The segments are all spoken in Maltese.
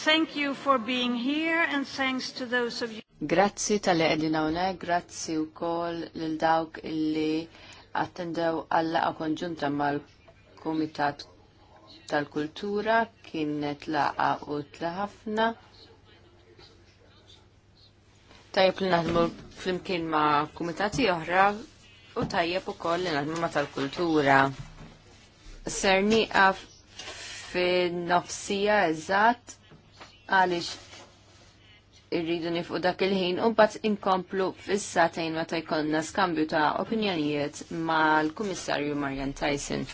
Thank you for being here and thanks to those of you. Grazzi tal-li għedina grazzi u kol l-dawk illi attendew għalla konġunta mal-Komitat tal-Kultura kienet laqa u tlaħafna. Tajjeb li naħdmu flimkien ma' komitati oħra u tajjeb u koll li naħdmu ma' tal-kultura. Serni għaf fin-nofsija eżatt għaliex irridu nifqu dak il-ħin u bat inkomplu fissatajn ma meta jkollna skambju ta' opinjonijiet mal-Kummissarju Marian Tyson.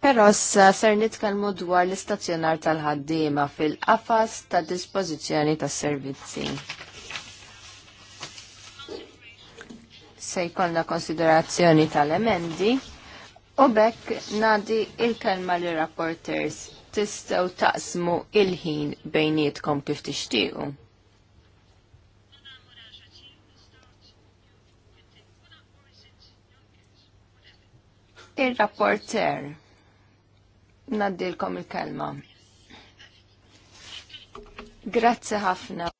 Però ser nitkellmu dwar l-istazzjonar tal-ħaddiema fil-qafas ta' dispożizzjoni tas servizzi. Se jkollna konsiderazzjoni tal-emendi U bekk nadi il-kelma li rapporters tistaw taqsmu il-ħin bejnietkom kif tixtiequ. Il-rapporter, naddilkom il-kelma. Grazzi ħafna.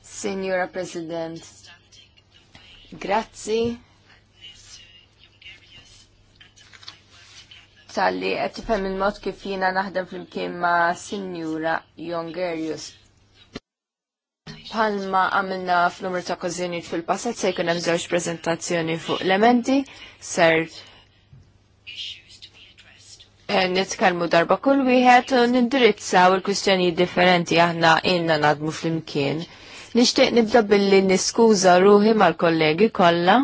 Signora President, Grazzi. Tali, qed tifhem il-mod kif jiena naħdem flimkien ma' Sinjura Jongerius. Palma għamilna fl-numru ta' kozzjoni fil-passat se jkun hemm żewġ prezentazzjoni fuq elementi ser eh, nitkellmu darba kull wieħed u nindirizzaw il-kwistjonijiet differenti aħna inna nadmu flimkien. Nixtieq nibda billi niskuża ruħi mal-kollegi kollha.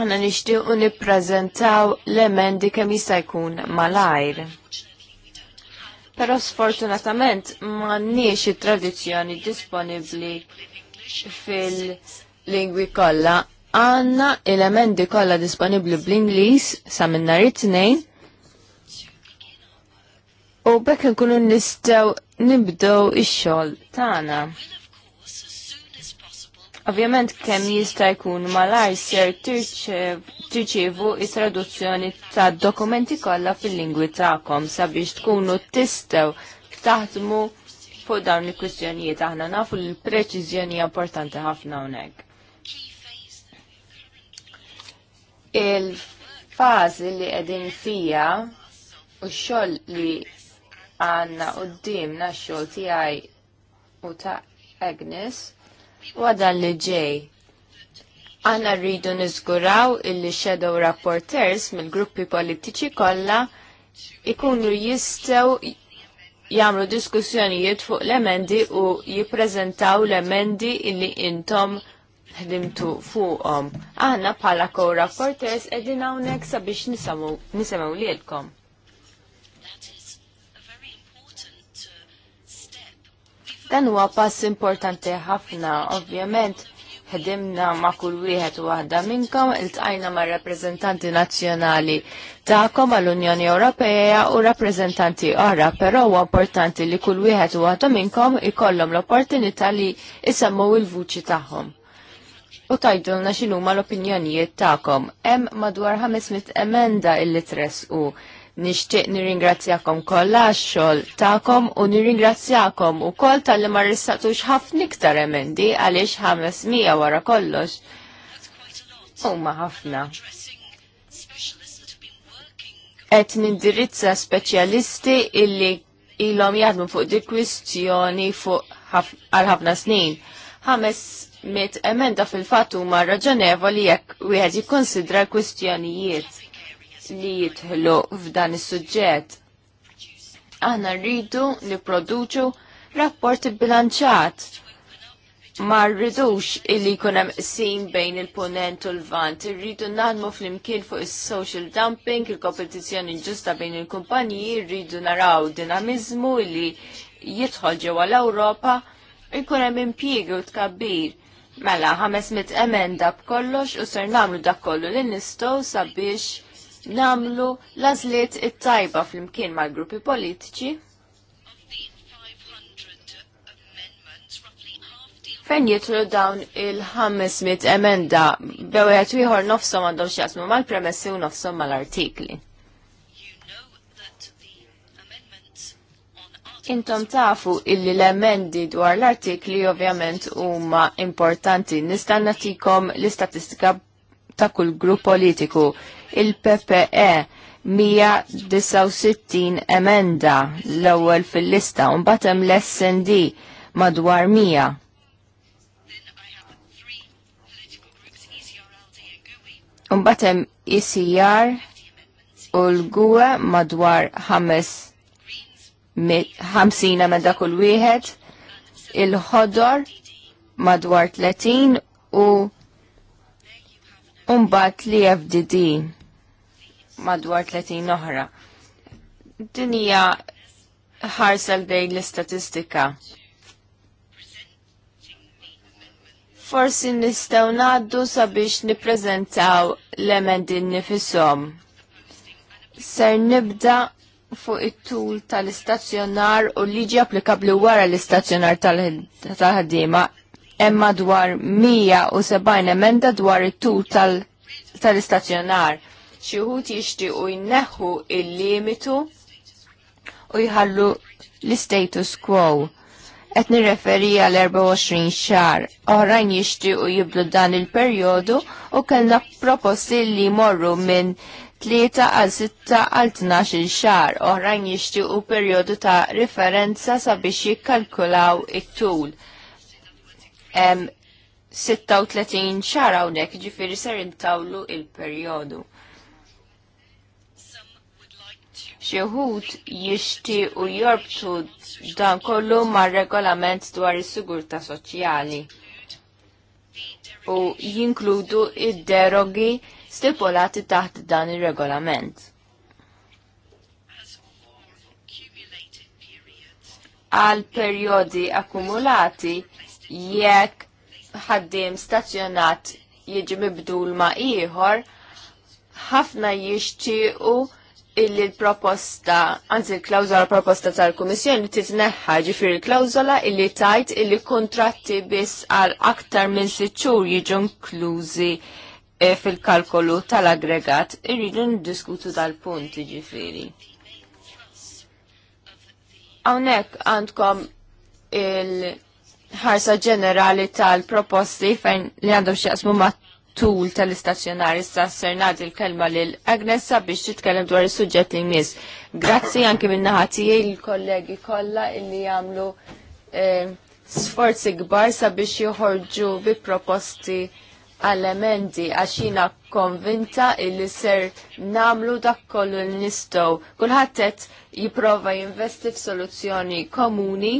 Aħna nishtiq unipprezentaw nippreżentaw l-emendi kemm jista' jkun mal-ajr. Però sfortunatament m'għandniex it-tradizzjoni disponibbli fil-lingwi kollha għanna il-emendi kolla disponibli bl-Inglis sa minnar it-tnejn u bekk nkunu nistgħu nibdew ix-xogħol tagħna. Ovvjament kemm jista' jkun malajr ser tirċievu traduzzjoni ta' dokumenti kollha fil-lingwi tagħkom sabiex tkunu tistgħu taħdmu fuq dawn il-kwistjonijiet aħna nafu l-preċiżjoni importanti ħafna hawnhekk. Il-fażi li qegħdin fija u x-xogħol li għanna u d dim xol tijaj u ta' Agnes u għadan li ġej. Għanna rridu nizguraw illi shadow rapporters mill-gruppi politiċi kolla ikunu jistew jamlu diskussjonijiet fuq l-emendi u jiprezentaw l-emendi illi intom ħdimtu fuqom. Aħna pala kow rapporters edin hawnhekk sabiex nisemgħu lielkom. Dan huwa pass importanti ħafna, ovvjament, ħedimna ma' kull wieħed u waħda minnkom iltqajna ma' rappreżentanti nazzjonali tagħkom għall-Unjoni Ewropea u rappreżentanti oħra, però huwa importanti li kull wieħed u waħda minnkom ikollhom l-opportunità li isemmu il-vuċi tagħhom. U tajdulna x'inhuma l-opinjonijiet tagħkom. Hemm madwar 500 emenda illi tresqu Nixtieq nirringrazzjakom kollha għax-xogħol tagħkom u nirringrazzjakom ukoll tal-li ma rissaqtux ħafna iktar emendi għaliex 500 wara kollox. Huma ħafna et nindirizza speċjalisti illi ilhom jaħdmu fuq di kwistjoni fuq għal ħafna snin. Ħames mit emenda fil-fatt huma raġonevoli jekk wieħed jikkonsidra l-kwistjonijiet li jitħlu f'dan is-suġġett. Aħna rridu nipproduċu rapport bilanċat ma rridux illi kunem sin bejn il-ponent u l-vant. Rridu nadmu fl-imkien fuq il-social dumping, il-kompetizjoni ġusta bejn il-kumpaniji, rridu naraw dinamizmu illi jidħol ġewwa l-Ewropa, jkun hemm impjiegi u tkabbir. Mela, mit emenda b'kollox u ser nagħmlu dak kollu li nistgħu sabiex namlu lażliet it-tajba flimkien mal-gruppi politiċi fejn jitlu dawn il-500 emenda bewet wieħor nofsom għandhom xi mal-premessi u nofsom mal-artikli. Intom tafu illi l-emendi dwar l-artikli ovvjament huma importanti. Nistan' nagħtikom l-istatistika ta' kull grupp politiku il-PPE 169 emenda l-ewwel fil-lista u mbagħad hemm l-SND madwar 100. Umbat hemm ICR e u l-gwe madwar 50 emenda kull wieħed, il-ħodor madwar 30 u umbat li e FDD madwar 30 oħra. Din hija ħarsel dej l-istatistika. Forsi nistgħu ngħaddu sabiex nippreżentaw l-emendi nifisom. Ser nibda fuq it-tul tal-istazzjonar u liġi applikabli wara l-istazzjonar tal-ħaddiema hemm madwar 170 emenda dwar it-tul tal-istazzjonar. Tal xi wħud jixtiequ jneħħu il-limitu u jħallu l-status quo. Qed nirreferi għal 24 xar, oħrajn jixtiequ jiblu dan il-perjodu u kellna proposti li morru minn 3 għal 6 għal 12 xar, oħrajn jixtiequ perjodu ta' referenza sabiex jikkalkulaw it-tul. 36 xar hawnhekk ġifiri ser intawlu il-perjodu. ċeħut jishti u jorbtu dan kollu ma' regolament dwar is-sigurta soċjali u jinkludu id-derogi stipulati taħt dan ir-regolament. għal periodi akkumulati jekk ħaddim stazzjonat jiġi mibdul ma' ieħor, ħafna jixtiequ illi l-proposta, anzi l-klawzola proposta tal-Kummissjoni titneħħa ġifir l-klawzola illi tajt illi kontratti biss għal aktar minn siċċur jiġu inklużi e, fil-kalkolu tal-aggregat irridu ndiskutu dal-punt ġifiri. Hawnhekk għandkom il- ħarsa ġenerali tal-proposti fejn li għandhom xieqsmu ma' tul tal istazzjonari issa s l il-kelma l-Agnessa biex titkellem dwar is sujġet li jmiss. Grazzi anke minn naħatijie il-kollegi kollha illi jagħmlu eh, sforzi kbar sabiex joħorġu bi proposti għall-emendi għax jina konvinta illi ser namlu dak kollu l-nistow. Kulħadd qed jipprova jinvesti f'soluzzjoni komuni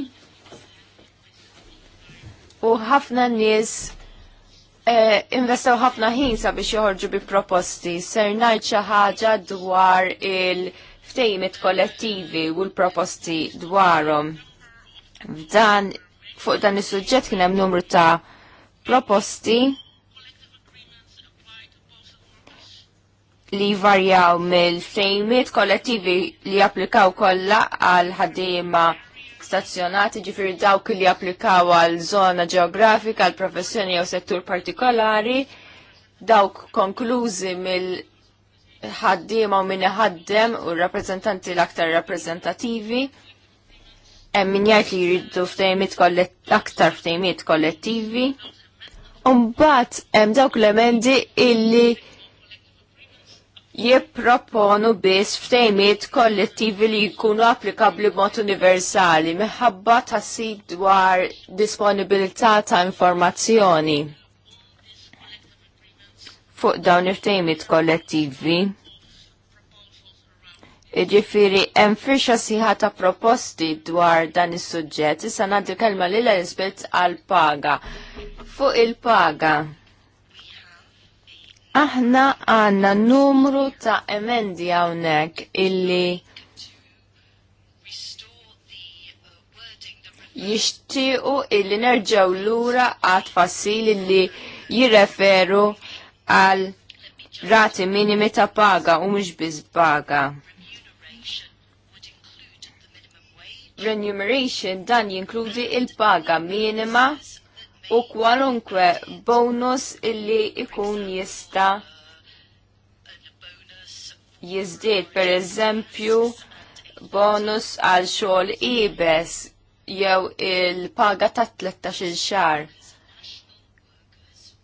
u ħafna nies Eh, investaw ħafna ħin sabiex joħorġu bi proposti. Ser ngħid xi ħaġa dwar il-ftejmit kollettivi u l-proposti dwarhom. F'dan fuq dan is-suġġett kien hemm numru ta' proposti li varjaw mill-ftejmiet kollettivi li applikaw kollha għal ħaddiema stazzjonati ġifiri dawk li applikaw għal zona ġeografika, għal professjoni jew settur partikolari, dawk konklużi mill ħaddiema u minn ħaddem u rappresentanti l-aktar rappresentativi. Hemm min jgħid li jridu ftejmiet aktar f'tejmit kollettivi. Umbat hemm dawk l-emendi illi jipproponu biss ftejmiet kollettivi li jkunu applikabli mod universali minħabba tassib dwar disponibilità ta' informazzjoni fuq dawn il-ftejmiet kollettivi. Iġifiri, hemm firxa siħa ta' proposti dwar dan is-suġġett, issa nagħti kelma lil Elizabeth għal paga. Fuq il-paga, Aħna għanna numru ta' emendi għawnek illi jishtiqu illi nerġaw lura għat fassil illi jirreferu għal rati minimi ta' paga u mux biz paga. Renumeration dan jinkludi il-paga minima u kwalunkwe bonus illi ikun jista jizdiet, per eżempju, bonus għal xogħol ibes jew il-paga ta' 13 xar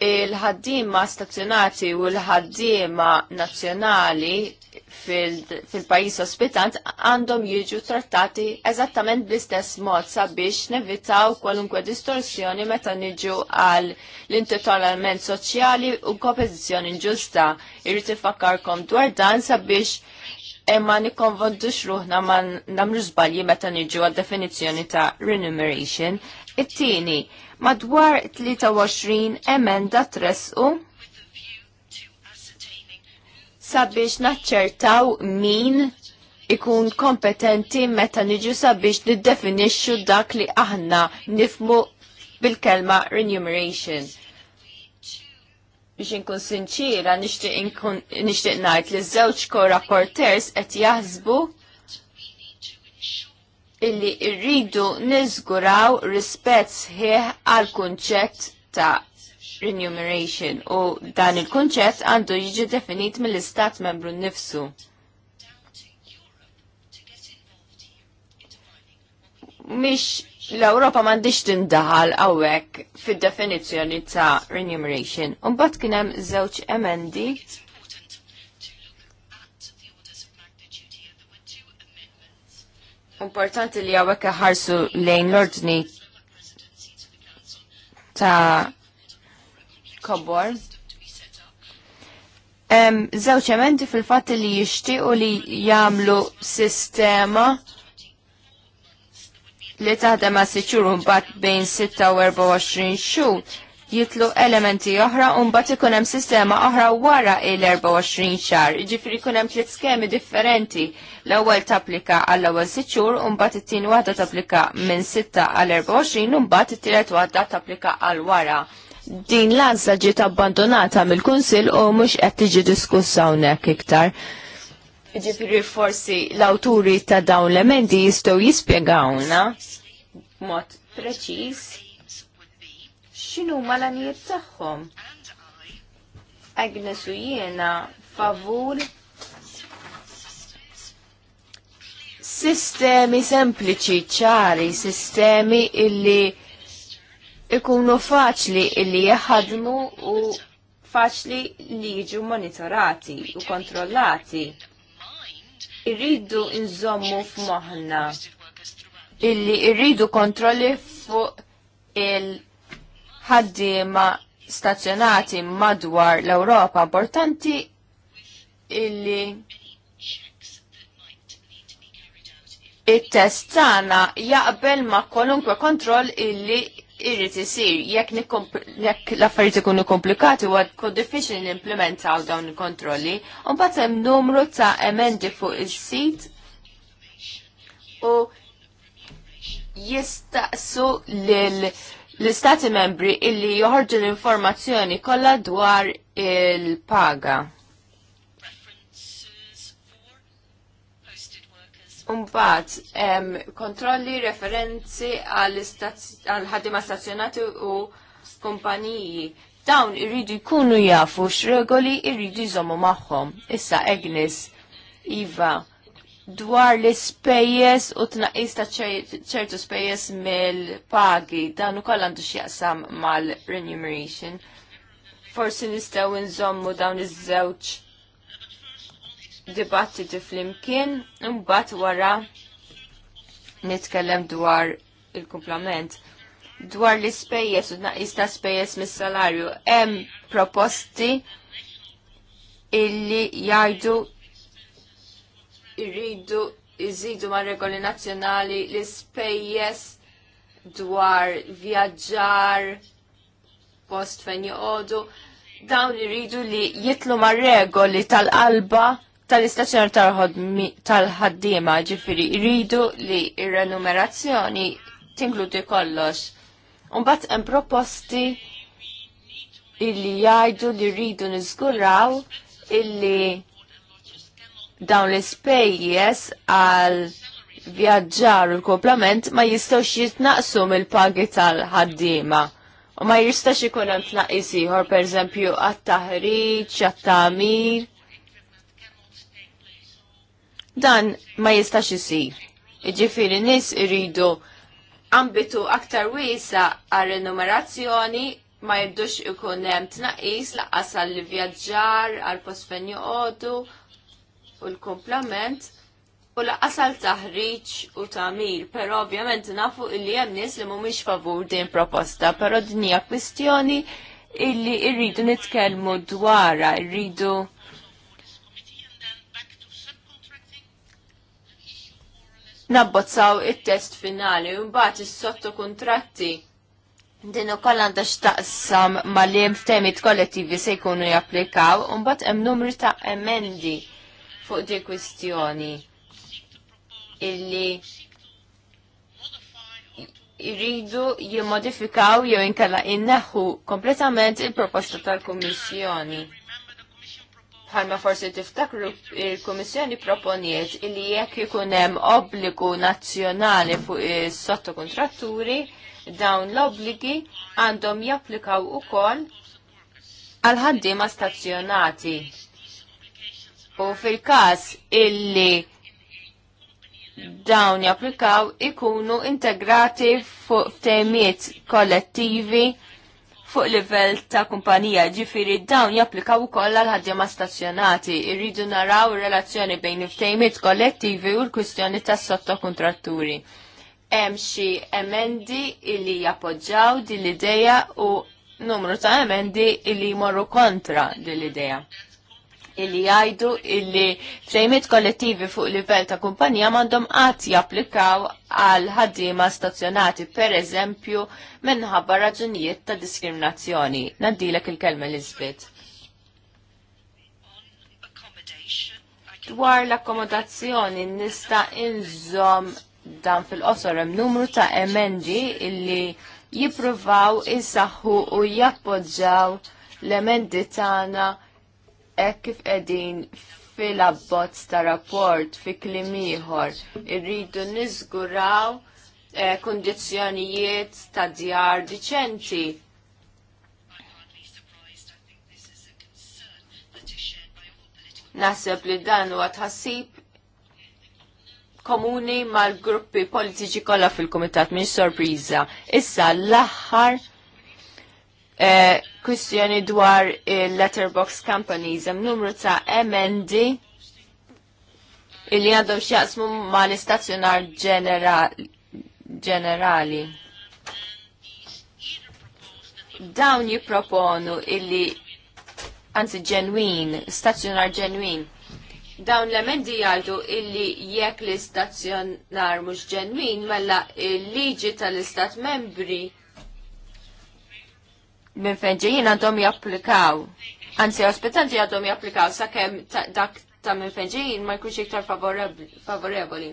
il-ħaddima stazzjonati u l-ħaddima nazzjonali fil-pajis ospitant għandhom jiġu trattati eżattament bl-istess mod sabiex nevitaw kwalunkwe distorsjoni meta niġu għal l-intitolament soċjali u kompetizjoni ġusta. Irrit ifakkarkom dwar dan sabiex imma nikkonvondux ruħna ma namru żbalji meta niġu għal definizzjoni ta' remuneration. It-tieni, madwar 23 emenda tresqu sabiex naċċertaw min ikun kompetenti meta niġu sabiex niddefinixxu dak li aħna nifmu bil-kelma remuneration. Biex inkun sinċira nixtieq ngħid li ż-żewġ co-rapporters qed jaħsbu illi rridu niżguraw rispett sħiħ għal kunċett ta' remuneration u dan il-kunċett għandu jiġi definit mill-istat membru nifsu. Mish l-Europa mandiċ tindaħal għawek fid definizjoni ta' remuneration. Unbat kienem zewċ emendi Importanti li għawek ħarsu lejn l-ordni ta' kobor. Zewċ emendi fil-fat li jishtiqu li jamlu sistema li taħdem għas bat bejn 6 u 24 xu jitlu elementi oħra un bat ikun hemm sistema oħra wara il-24 xar. Ġifri ikun hemm tliet skemi differenti. L-ewwel tapplika għall ewwel sitt xhur bat it-tieni waħda tapplika minn 6 għal 24 u mbagħad it-tielet waħda tapplika għal wara. Din l-ansa ġiet abbandonata mill-Kunsill u mhux qed tiġi diskussa hawnhekk iktar. Ġifiri forsi l-awturi ta' dawn l-emendi jistgħu jispjegawna mod preċiż x'inhu ma l-għanijiet tagħhom. Agnes u jiena favur sistemi sempliċi ċari, sistemi illi ikunu faċli illi jaħadmu u faċli li jiġu monitorati u kontrollati. Irridu nżommu f'moħħna illi irridu kontrolli fuq il- ħaddiema stazzjonati madwar l-Ewropa importanti illi it-test tagħna jaqbel ma' kwalunkwe kontroll illi irrid isir jekk l-affarijiet ikunu komplikati huwa jkun diffiċli implementaw dawn il-kontrolli, un batem hemm numru ta' emendi fuq is-sit u jistaqsu lil l-istati membri illi joħorġu l-informazzjoni kollha dwar il-paga. Umbat, kontrolli referenzi għal-ħadima stazzjonati u kompaniji. Dawn irridu jkunu jafu x'regoli irridu jżommu magħhom. Issa Agnes, Iva, dwar l ispejjeż u tnaqis ta' ċertu spejjeż mill-pagi dan ukoll għandu xieqsam mal-remuneration. Forsi nistgħu nżommu dawn iż-żewġ dibattiti flimkien, imbagħad wara nitkellem dwar il-kumplament. Dwar l-ispejjeż u tnaqis ta' spejjeż mis-salarju hemm proposti illi jgħidu irridu iżidu ma' regoli nazzjonali l ispejjeż dwar vjaġġar post fejn joqogħdu dawn irridu li jitlu ma' regoli tal-qalba tal-istazzjonar tal-ħaddiema ġifieri jridu li r renumerazzjoni tinkludi kollox. Mbagħad hemm proposti illi jgħidu li rridu niżguraw illi dawn l-ispejjes għal vjaġġar u l koplament ma jistax jitnaqsu mill-pagi tal-ħaddima. U ma jistax ikun hemm tnaqqis ieħor pereżempju għat-taħriġ, għat-tagħmir. Dan ma jistax isir. Jiġifieri nies iridu ambitu aktar wiesa għal renumerazzjoni ma jiddux ikun hemm tnaqqis laqqas għall-vjaġġar, għall-posfenju joqogħdu u l-komplement u laqqas għal taħriġ u tamir, pero ovvjament nafu illi hemm nies li mhumiex favur din proposta, però din hija kwistjoni illi irridu nitkellmu dwarha, irridu nabbozzaw it-test finali u mbagħad is-sottokuntratti din ukoll għandha x'taqsam mal-jem f'temijiet kollettivi se jkunu japplikaw u mbagħad hemm numri ta' emendi fuq di kwistjoni illi jridu jimmodifikaw jew inkella inneħħu kompletament il-proposta tal-Kummissjoni. Bħalma forsi tiftakru il-Kummissjoni proponiet illi jekk ikun hemm obbligu nazzjonali fuq is-sottokontratturi, dawn l-obbligi għandhom japplikaw ukoll għal ħaddiema stazzjonati U fil-każ illi dawn japplikaw ikunu integrati fuq temiet kollettivi fuq livell ta' kumpanija ġifiri dawn japplikaw ukoll għal ħadjama stazzjonati. Irridu naraw relazzjoni bejn il-temiet kollettivi u l-kwistjoni tas sottokontratturi. Hemm xi emendi illi jappoġġaw din l-idea u numru ta' emendi illi jmorru kontra din l-idea illi jgħidu illi ftejmiet kollettivi fuq livell ta' kumpanija mandom qatt japplikaw għal ħaddiema stazzjonati per eżempju minħabba raġunijiet ta' diskriminazzjoni. Nadilek il-kelma l-iżbit. Dwar l-akkomodazzjoni nista' inżom dan fil-qosor hemm numru ta' emendi illi jippruvaw insaħħu u jappoġġaw l-emendi tagħna hekk kif qegħdin fil-abbozz ta' rapport fi klim ieħor irridu niżguraw eh, kundizzjonijiet ta' djar diċenti. Naħseb li dan huwa tħassib komuni mal-gruppi politiċi kollha fil-Kumitat minn sorpriża. Issa l-aħħar Eh, kwistjoni dwar il-letterbox companies, hemm numru ta' MND illi għandhom xjaqsmu ma' l-istazzjonar ġenerali. Dawn jipproponu illi anzi ġenwin, stazzjonar ġenwin. Dawn l-emendi jgħidu illi jekk l-istazzjonar mhux ġenwin mela il-liġi tal-istat membri minn fejn ġejjin għandhom japplikaw. Anzi, ospitanti għandhom japplikaw sakemm dak ta' minn fejn ġejjin ma jkunx iktar favorevoli.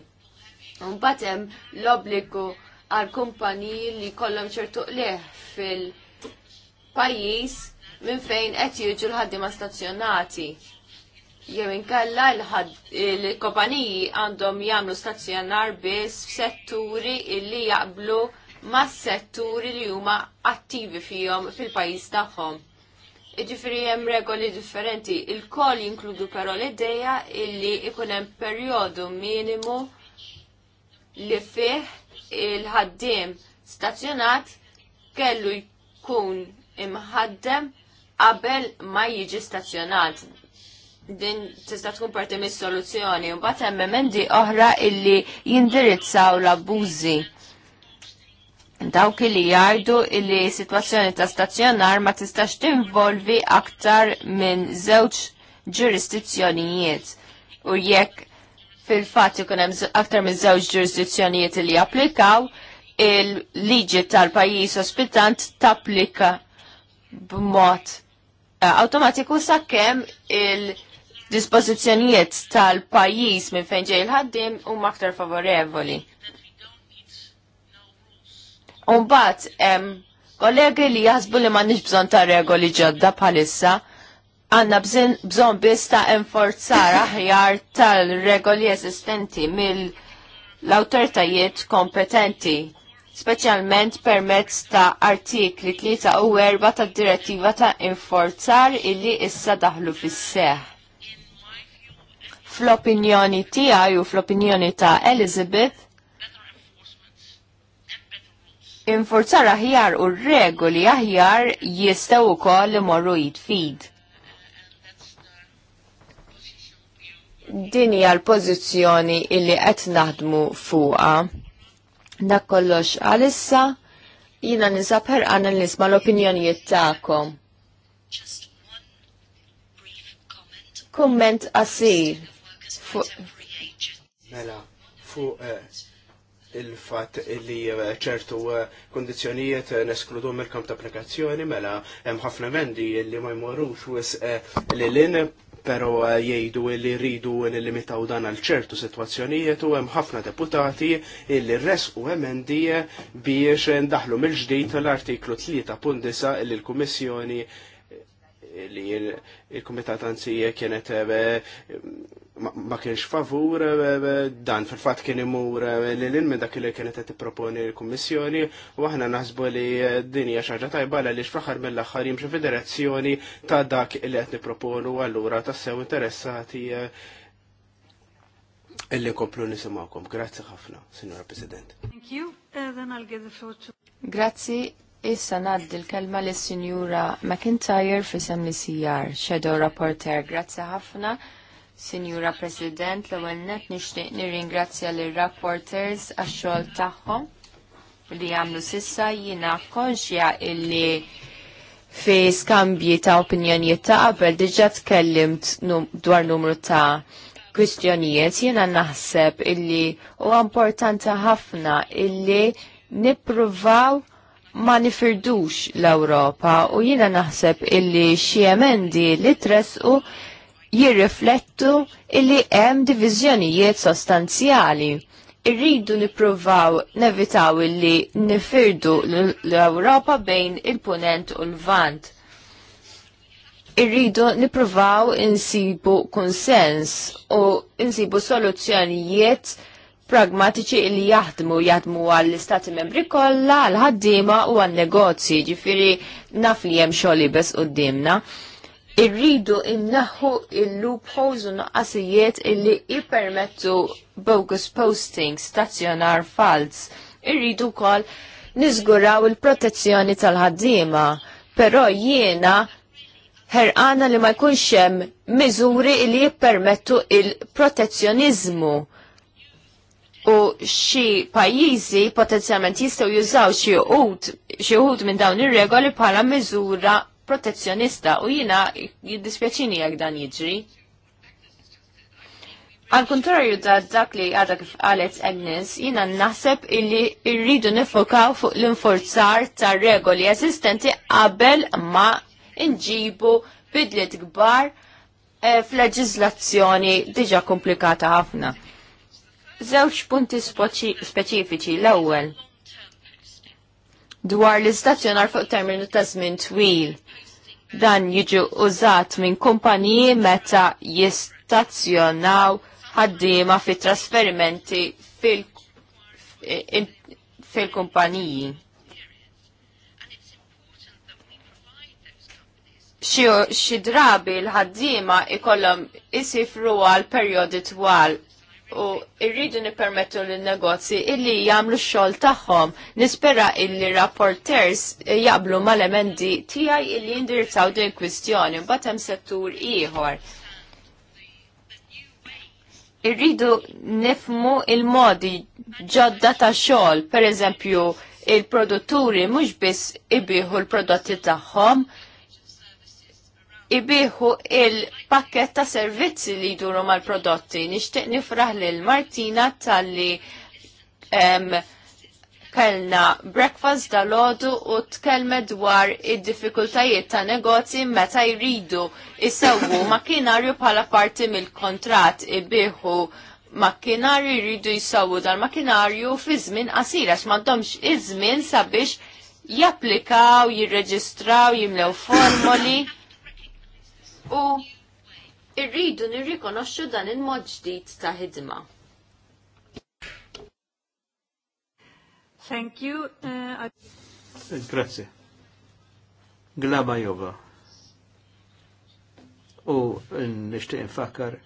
Mbagħad hemm l-obbligu għal kumpaniji li kollhom ċertu leħ fil-pajjiż minn fejn qed jiġu l-ħaddiema stazzjonati. Jew inkella l-kumpaniji għandhom jagħmlu stazzjonar biss f'setturi illi jaqblu ma' setturi li huma attivi fihom fil-pajjiż tagħhom. Iġifieri hemm regoli differenti. Il-koll jinkludu però l-idea illi ikun hemm perjodu minimu li fih il-ħaddiem stazzjonat kellu jkun imħaddem qabel ma jiġi stazzjonat din tista' tkun parti mis-soluzzjoni u mbagħad hemm emendi oħra illi jindirizzaw l-abbużi dawk li jgħidu li situazzjoni ta' stazzjonar ma tistax tinvolvi aktar minn żewġ ġurisdizzjonijiet u jekk fil-fatt ikun hemm aktar minn żewġ ġurisdizzjonijiet li japplikaw, il-liġi tal-pajjiż ospitant tapplika b'mod eh, automatiku sakemm il-dispożizzjonijiet tal-pajjiż minn fejn ġej il-ħaddim huma aktar favorevoli. Umbat, kollegi li jasbu li ma bżon ta' regoli ġodda bħalissa, għanna bżon biss ta' enforzar aħjar tal-regoli esistenti mill-autoritajiet kompetenti, specialment permezz ta' artikli 3 u erba' ta' direttiva ta' enforzar illi issa daħlu fis-seħ fl-opinjoni tiegħi u fl-opinjoni ta' Elizabeth Infurzar aħjar u regoli aħjar jistaw ukoll imorru jitfid. Din hija l-pożizzjoni illi qed naħdmu fuqha. Dak kollox għalissa jiena ninsab ħerqan nisma' l-opinjonijiet tagħkom. Komment għasir. mela fuq eh, il-fat li eh, ċertu eh, kondizjonijiet eh, neskludu mill-kamp ta' applikazzjoni mela hemm ħafna mendi li ma jmorrux wis li lin pero jgħidu li rridu nil-limitaw dan għal ċertu situazzjonijiet u hemm ħafna deputati li res u emendi biex ndaħlu mill-ġdid l-artiklu 3.9 li l-Kummissjoni li il-Kumitat Anzija kienet eh, ma kienx favur eh, dan fil-fat kien imur eh, li l inmi dak li kienet qed tipproponi l-Kummissjoni u aħna naħsbu li dinja xaġa tajba li fl-aħħar mill-aħħar jimxu fid-direzzjoni ta' dak li qed nipproponu allura tassew interessati illi komplu nisimawkom. Grazzi ħafna, Signora President. Thank you. Then I'll give the floor to... Grazzi, Issa naddi l-kelma l sinjura McIntyre fi semmi CR, Shadow Rapporter. Grazzi ħafna, Sinjura President, l ewwel net nixtieq nirringrazzja l rapporters għax-xogħol tagħhom li għamlu sissa jiena konxja illi fi skambji ta' opinjonijiet ta' qabel diġà tkellimt dwar numru ta' kwistjonijiet jiena naħseb illi huwa importanti ħafna illi nippruvaw ma nifirdux l-Ewropa u jina naħseb illi xiemendi emendi li tresqu jirriflettu illi hemm diviżjonijiet sostanzjali. Irridu nippruvaw nevitaw illi nifirdu l-Ewropa bejn il-punent u l-vant. Irridu nippruvaw insibu konsens u insibu soluzzjonijiet pragmatiċi li jaħdmu, jaħdmu għall-istati membri kollha, għall-ħaddiema u għall-negozji, ġifiri naf li hemm xogħol bes qudiemna. Irridu innaħħu il-loopholes u nuqqasijiet illi jippermettu bogus posting stazzjonar fals. Irridu kol niżguraw il-protezzjoni tal-ħaddiema, però jiena ħerqana li ma jkunx hemm miżuri li jippermettu il-protezzjonizmu u xi pajjiżi potenzjalment jistgħu jużaw xi uħud xi uħud minn dawn ir-regoli bħala miżura protezzjonista u jiena jiddispjaċini jekk dan jiġri. Għal kontrarju ta' dak li għadha kif qalet Agnes, jiena naħseb illi rridu nifokaw fuq l-inforzar ta' regoli eżistenti qabel ma nġibu bidliet kbar eh, fl-leġiżlazzjoni diġa komplikata ħafna żewġ punti speċifiċi l-ewwel dwar l-istazzjonar fuq terminu ta' żmien twil. Dan jiġu użat minn kumpaniji meta jistazzjonaw ħaddiema fit trasferimenti fil-kumpaniji. xi drabi l-ħaddiema ikollhom isifru għal perjodi twal u irridu nipermettu l-negozji illi jagħmlu x-xogħol tagħhom. Nispera illi rapporters jaqblu mal-emendi tiegħi illi jindirizzaw din il-kwistjoni mbagħad hemm settur ieħor. Irridu nifmu il-modi ġodda ta' xogħol, pereżempju il-produtturi mhux biss ibiħu l-prodotti tagħhom, ibiħu il-pakket ta' servizzi li jduru mal-prodotti. Nishtiq nifraħ lil Martina tal-li kellna breakfast dal-ħodu u tkellme dwar id-diffikultajiet ta' negozji meta jridu jisawu makkinarju bħala parti mill-kontrat ibiħu makkinarju jridu jisawu dal makinarju fi żmien qasir għax m'għandhomx iż-żmien sabiex japplikaw, jirreġistraw, jimlew formoli u irridu nirrikonoxxu dan il-mod ġdid ta' ħidma. Thank you. Grazzi. Uh, Grazie. Glaba Jova. U nishtiq infakkar e,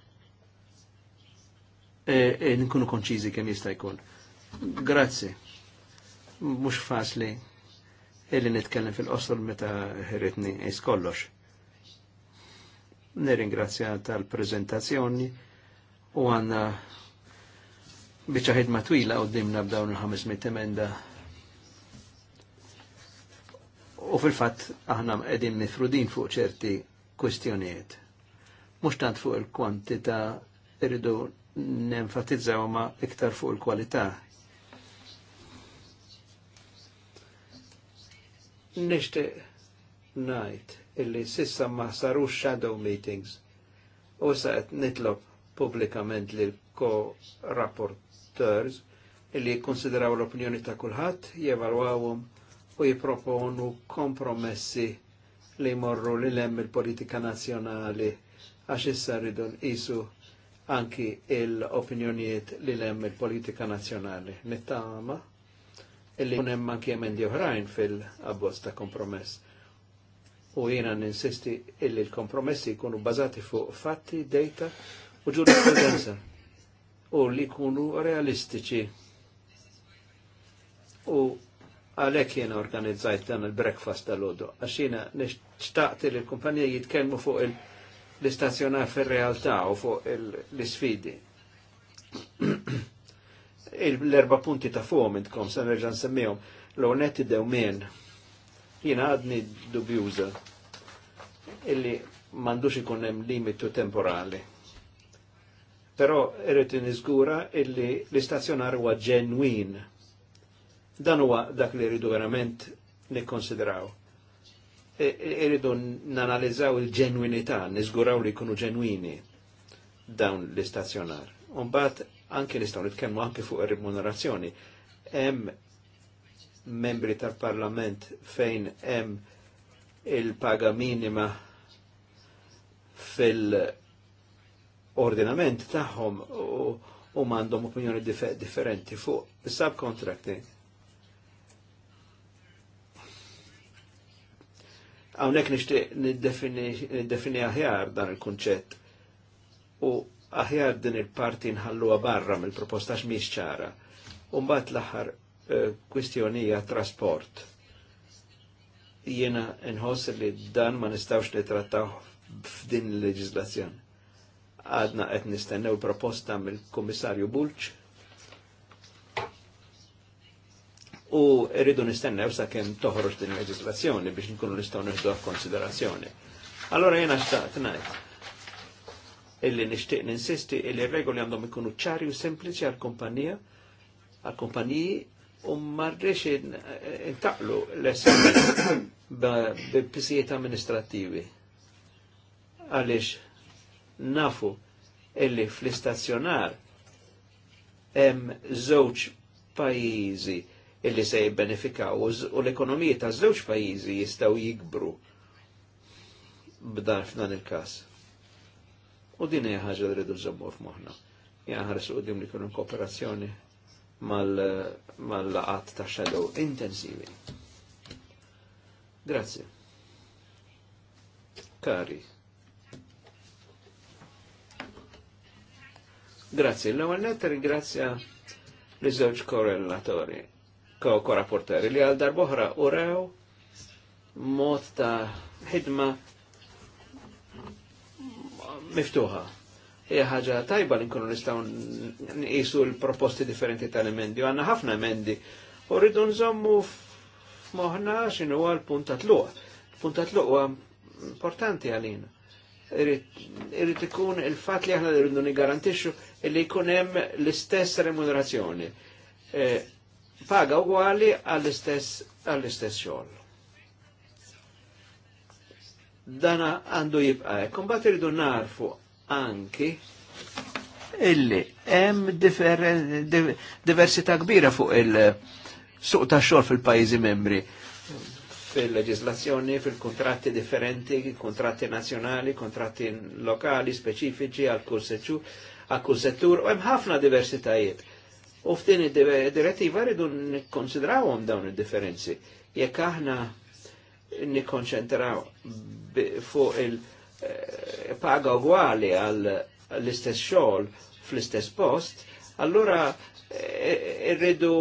e, nkunu konċizi kemm jista' jkun. Grazzi. Mhux faċli illi nitkellem fil-qosor meta ħiritni is kollox nirringrazzja tal-prezentazzjoni u għanna bieċa ħidma twila u dimna b'dawn il-500 emenda. U fil-fat aħna edin nifrudin fuq ċerti kwistjonijiet. Mux tant fuq il-kwantita irridu nenfatizzaw ma iktar fuq il-kwalità. Nishtiq najt illi sissa ma saru shadow meetings. U saqet nitlob publikament li co rapporteurs illi jikkonsideraw l-opinjoni ta' kulħadd, jevalwawhom u jiproponu kompromessi li morru li lemm il-politika nazjonali għax issa rridu isu anki l-opinjonijiet li lemm il-politika nazjonali. Nittama illi kunem anki emendi oħrajn fil-abbozz ta' kompromess u jena ninsisti illi l-kompromessi jkunu bazati fuq fatti, data u ġurisprudenza u li jkunu realistiċi. U għalek jena organizzajt dan il-breakfast tal-ħodu, għaxina nixtaqt li l-kumpanija jitkelmu fuq l-istazzjonar fil-realtà u fuq l-sfidi. l-erba punti ta' fuq tkom, sa' nerġan semmijom, l onetti dew minn. Jina għadni dubjuza illi mandux ikunem limitu temporali. Pero irrid nizgura illi l-istazzjonar huwa ġenwin. Dan huwa dak li rridu verament nikkonsidraw. E, e, irridu nanalizzaw il-ġenwinità, nizguraw li jkunu ġenwini dawn l-istazzjonar. Umbat anke nistgħu nitkellmu anke fuq ir-remunerazzjoni. Hemm membri tal-Parlament fejn hemm il-paga minima fil-ordinament tagħhom u, u mandom opinjoni differenti fuq subcontracting. Għawnek nixtieq niddefini aħjar dan il-kunċett u aħjar din il-parti nħalluha barra mill-proposta x'miex ċara. Umbat l-aħħar Eh, kwistjonija trasport. Jena nħoss li dan ma nistawx li trattaw f'din il-leġizlazzjoni. Għadna qed nistennew proposta mill-Kummissarju Bulċ u rridu nistennew sakemm toħroġ din il-leġizlazzjoni biex nkunu nistgħu nieħdu konsiderazzjoni. Allora jiena xtaqt ngħid illi nixtieq ninsisti illi regoli għandhom ikunu ċari u sempliċi għall-kumpanija għal-kumpaniji u marrex intaqlu l-esami b-pisijiet amministrativi. Għalix nafu illi fl-istazzjonar hemm żewġ pajjiżi illi se jibbenefikaw u l-ekonomija ta' żewġ pajjiżi jistgħu jikbru b'dan f'dan il-każ. U din hija ħaġa li rridu nżommu f'moħħna. Jaħarsu qudiem li kienu kooperazzjoni mal-laqat ta' shadow intensivi. Grazie. Kari. Grazie, l-ewwel letter ringrazzja li żewġ korrelatori, korrapporteri li għal darboħra u rew mod ta' ħidma miftuħa hija ħaġa tajba li nkunu nistgħu nqisu l-proposti differenti tal-emendi. Għandna ħafna emendi. U rridu nżommu f'moħħna x'inhu huwa l-punt ta' tluq. L-punt ta' tluq huwa importanti għalina. Irrid ikun il-fatt li aħna rridu nigarantixxu li jkun hemm l-istess remunerazzjoni. Paga uguali għall-istess għall-istess xogħol. Dana għandu jibqa' irridu narfu anki illi hemm diversità kbira fuq il-suq ta' xor fil-pajjiżi membri fil-leġislazzjoni, fil-kontratti differenti, kontratti nazjonali, kontratti lokali, speċifiċi, għal għal kursettur, u ħafna diversitajiet. U f'din id-direttiva rridu nikkonsidrawhom dawn id-differenzi. Jekk aħna nikkonċentraw fuq il- il- paga uguali għall-istess xogħol fl-istess post, allora e, e, irridu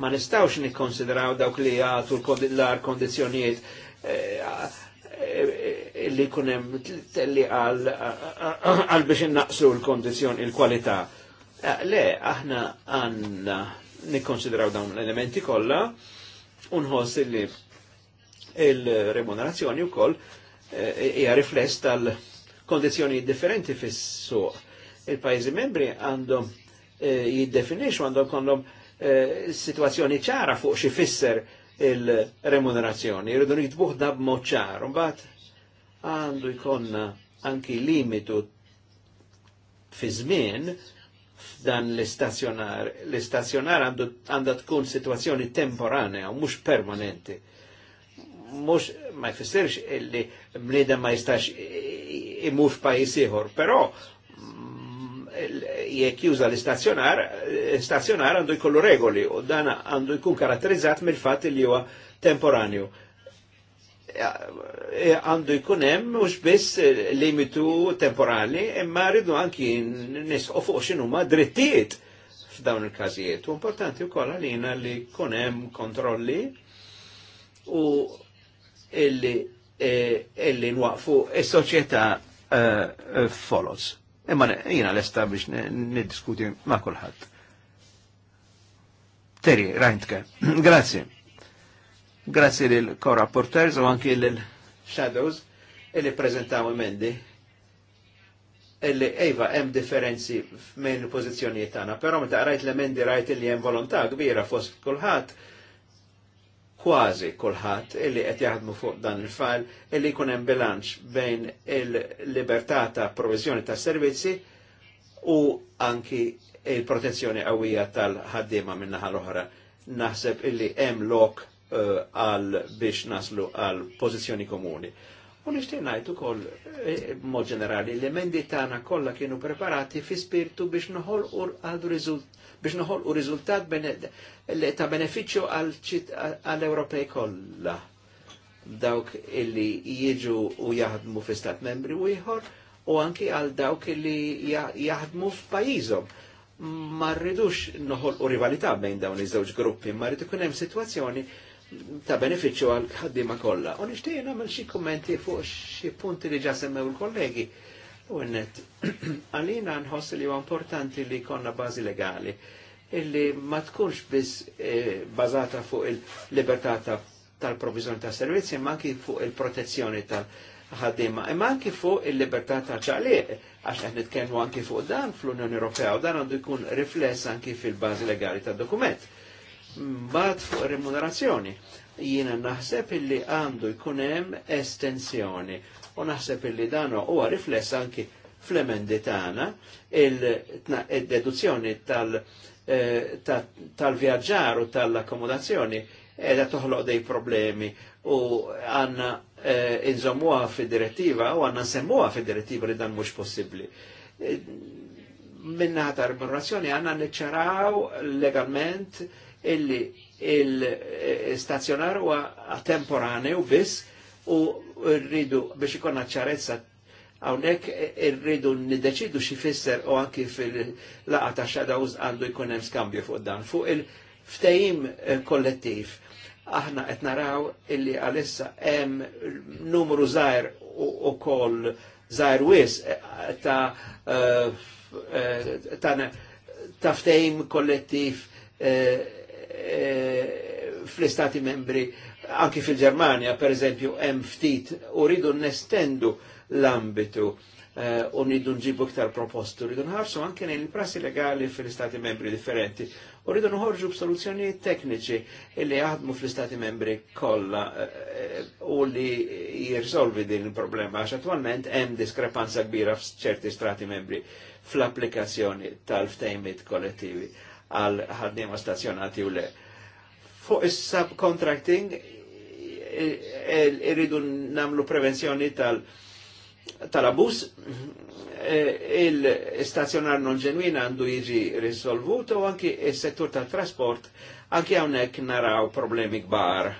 ma nistawx nikkonsideraw dawk li għatu l-ar kondizjoniet e, li kunem telli għal biex naqsu l-kondizjon il-kwalità. Le, aħna għanna nikkonsidraw dawn l-elementi kolla unħos li il-remunerazzjoni u koll hija rifless tal-kondizjoni differenti fis-suq. Il-pajjiżi membri għandhom eh, jiddefinixu għandhom kollhom eh, situazzjoni ċara fuq xi fisser il-remunerazzjoni, jridu nikdbuh dab b'mod ċar, mbagħad għandu jkollna anki limitu fi żmien f'dan l-istazzjonar. L-istazzjonar għandha tkun situazzjoni temporanea u mhux permanenti. Mhux ma jfissirx li bniedem ma jistax imur f'pajis ieħor, però mm, jekk juża l-istazzjonar, stazzjonar għandu jkollu regoli u dan għandu jkun karatterizzat mill-fatt li huwa temporanju. E, għandu jkun hemm mhux biss limitu temporali, imma rridu anki nisqu fuq x'inhuma drittijiet f'dawn il-każijiet. U importanti wkoll għalina li jkun hemm kontrolli u illi e, illi nwaqfu il soċjetà e, e, follows. Imma jina l-esta biex niddiskuti ma' kulħadd. Teri, rajntke. grazie. Grazie l co-rapporteurs u anki l shadows illi prezentaw emendi illi ejva hemm differenzi minn pożizzjonijiet tagħna, però meta rajt l-emendi rajt illi hemm volontà kbira fost kulħadd kważi kulħadd illi qed jaħdmu fuq dan il-fall illi jkun hemm bilanċ bejn il-libertà ta' provizjoni ta' servizzi u anki il-protezzjoni qawwija tal-ħaddiema min-naħa l-oħra. Naħseb illi hemm lok eh, għal biex naslu għal pożizzjoni komuni. U nishtiq ngħid ukoll eh, mod ġenerali l mendi tagħna kollha kienu preparati fi spirtu biex noħolqu għadu riżultat biex noħolqu riżultat ta' beneficju għall-Ewropej kollha dawk illi jiġu u jaħdmu fi stat membri u ieħor u anki għal dawk illi jaħdmu f'pajjiżhom. Ma rridux noħolqu rivalità bejn dawn iż-żewġ gruppi, ma rrid ikun hemm sitwazzjoni ta' beneficju għal ħaddima kollha. U nixtieq nagħmel xi kummenti fuq xi punti li ġa semmew il-kollegi unnet, Għalina nħoss li huwa importanti li konna bażi legali illi ma tkunx biss e, bazata fuq il-libertà tal-provizjoni ta' servizzi, ma anki fuq il-protezzjoni tal-ħaddima, e ma anki fuq il-libertà ta' ċaliq, għax qed nitkellmu anki fuq dan fl-Unjoni Ewropea u dan għandu jkun rifless anki fil-bażi legali tad-dokument. M'bad fuq remunerazzjoni jiena naħseb illi għandu jkun hemm estensjoni u naħseb illi dan huwa rifless anki fl-emendi tagħna il-deduzzjoni tal- eh, tal-vjaġġar u tal-akkomodazzjoni edha toħloq dei problemi u għanna eh, inżommuha fid-direttiva u għanna semmuha fid-direttiva li dan mhux possibbli eh, minna ta' remunerazzjoni għanna niċċaraw legalment illi il-stazzjonar huwa temporaneu biss u rridu biex ikonna ċarezza għawnek irridu nideċidu xifisser u anki fil-laqa ta' shadows għandu jkun hemm skambju fuq dan. Fuq il ftajim eh, kollettiv, aħna qed naraw illi għalissa hemm numru zaħir u kol zaħir wis eh, ta' eh, ta' ta' kollettiv fl-istati membri anki fil-Germania, per eżempju, hemm ftit u rridu nestendu l-ambitu eh, u rridu nġibu iktar proposti, rridu nħarsu anke nejn il-prassi legali fil-Stati membri differenti u rridu nħorġu b'soluzzjoni tekniċi li jaħdmu fl-Stati membri kollha eh, u li jirsolvi din il-problema għax attualment hemm diskrepanza kbira f'ċerti Stati membri fl-applikazzjoni tal-ftejmit kollettivi għal ħaddiema stazzjonati u le fuq is-subcontracting irridu namlu prevenzjoni tal- abus eh, il-stazzjonar non ġenwin għandu jiġi risolvuto, u anki il-settur tal-trasport anki għawnek naraw problemi kbar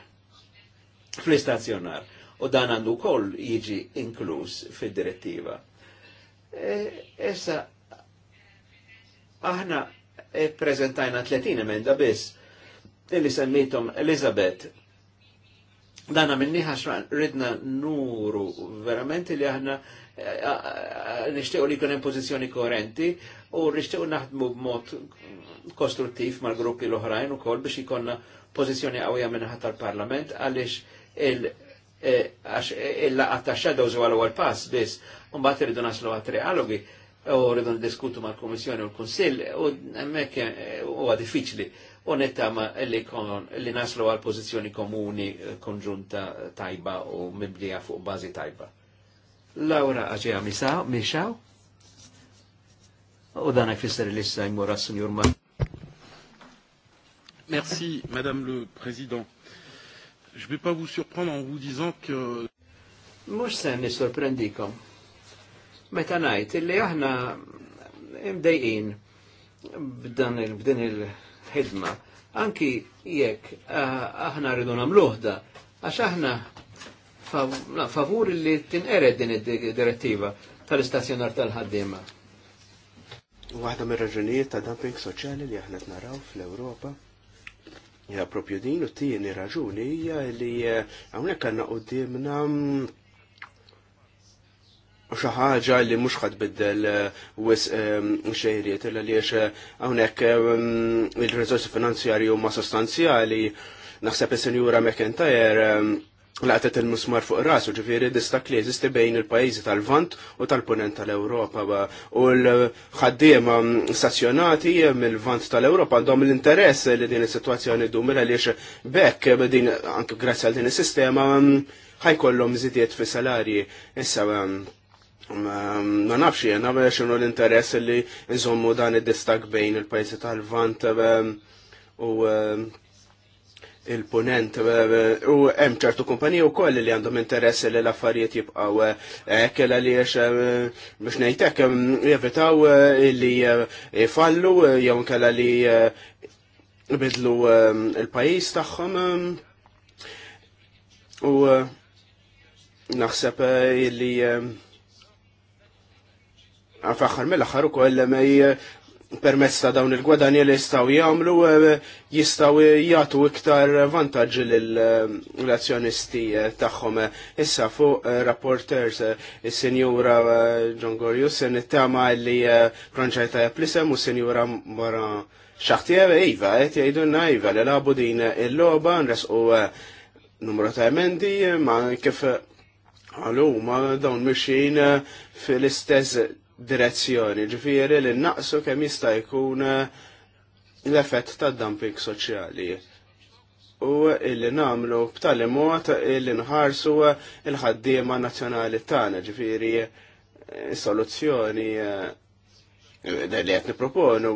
fl-istazzjonar u dan għandu koll jiġi inkluż fil-direttiva. Issa, eh, aħna eh, prezentajna 30 emenda biss, illi semmitom Elizabeth dana minni ħax ridna nuru verament li aħna eh, eh, nishtiqu li kunem pozizjoni koherenti u nishtiqu naħdmu b'mod kostruttiv mal gruppi l-oħrajn u kol biex ikonna pozizjoni għawija ħat tal-parlament għalix il- eh, għax il-laqat ta' shadows u għal pass biss, un bat rridu naslu għat trialogi u rridu diskutu mal-Komissjoni u l-Konsil u għemmek u għad diffiċli u nittama li, kon, li naslu għal pozizjoni komuni eh, konġunta eh, tajba u mibdija fuq bazi tajba. Laura għaxija misaw, misaw, u dan għifisser li sa jmur għas-senjur ma. Merci, Madame le Président. Je ne vais pas vous surprendre en vous disant que... Mux sen ni nisorprendikom. Meta najt, li aħna imdejqin b'dan il-, b'dan il ħidma, Anki jekk aħna rridu nagħmluħda, għax aħna favur li tinqered din id-direttiva tal-istazzjonar tal-ħaddiema. Waħda mir raġunijiet ta' dumping soċjali li aħna naraw fl-Ewropa Ja, propju din u tieni raġuni hija li eh, hawnhekk għandna qudiemna mm, xi ħaġa li mhux ħadbiddel eh, wis eh, xejriet illa li eh, hawnhekk mm, il-riżorsi finanzjarji huma sostanzjali naħseb is senjura McIntyre laqtet il-musmar fuq rasu ġifiri distak li jeżisti bejn il-pajizi tal-Vant u tal-Ponent tal-Europa u l-ħaddiema mm, stazzjonati mill-Vant tal-Europa għandhom l-interess li din is-sitwazzjoni dumira li bekk din anke grazzi għal din is-sistema mm, ħajkollhom żidiet fi salarji issa Um, ma nafx jena xinu l-interess li nżommu dan id-distak bejn il-pajzi tal-vant um, u um, il-ponent u hemm ċertu kumpaniji wkoll li għandhom interess li l-affarijiet jibqgħu uh, hekk li biex ngħidlek jevitaw uh, li jfallu uh, jew inkella li bidlu il-pajjiż tagħhom u naħseb li Faxħar mill-axar u koll permess ta' dawn il-gwadani li jistaw jagħmlu eh, jistaw jagħtu iktar vantaġġi lill-azzjonisti eh, eh, tagħhom. Issa fuq rapporters il sinjura John Gorjusen it-tema li franċajta jgħaplisem u Sinjura Mara Xaħtieva Iva, qed jgħidulna Iva li labu din il-logħba nresqu numru ta' emendi ma' kif għalu ma' dawn mixin fil-istess direzzjoni, ġifieri li naqsu kemm jista' jkun eh, l-effett tad dumping soċjali. U illi nagħmlu b'tali mod illi nħarsu eh, il-ħaddiema nazzjonali tagħna, ġifieri eh, soluzzjoni li qed nipproponu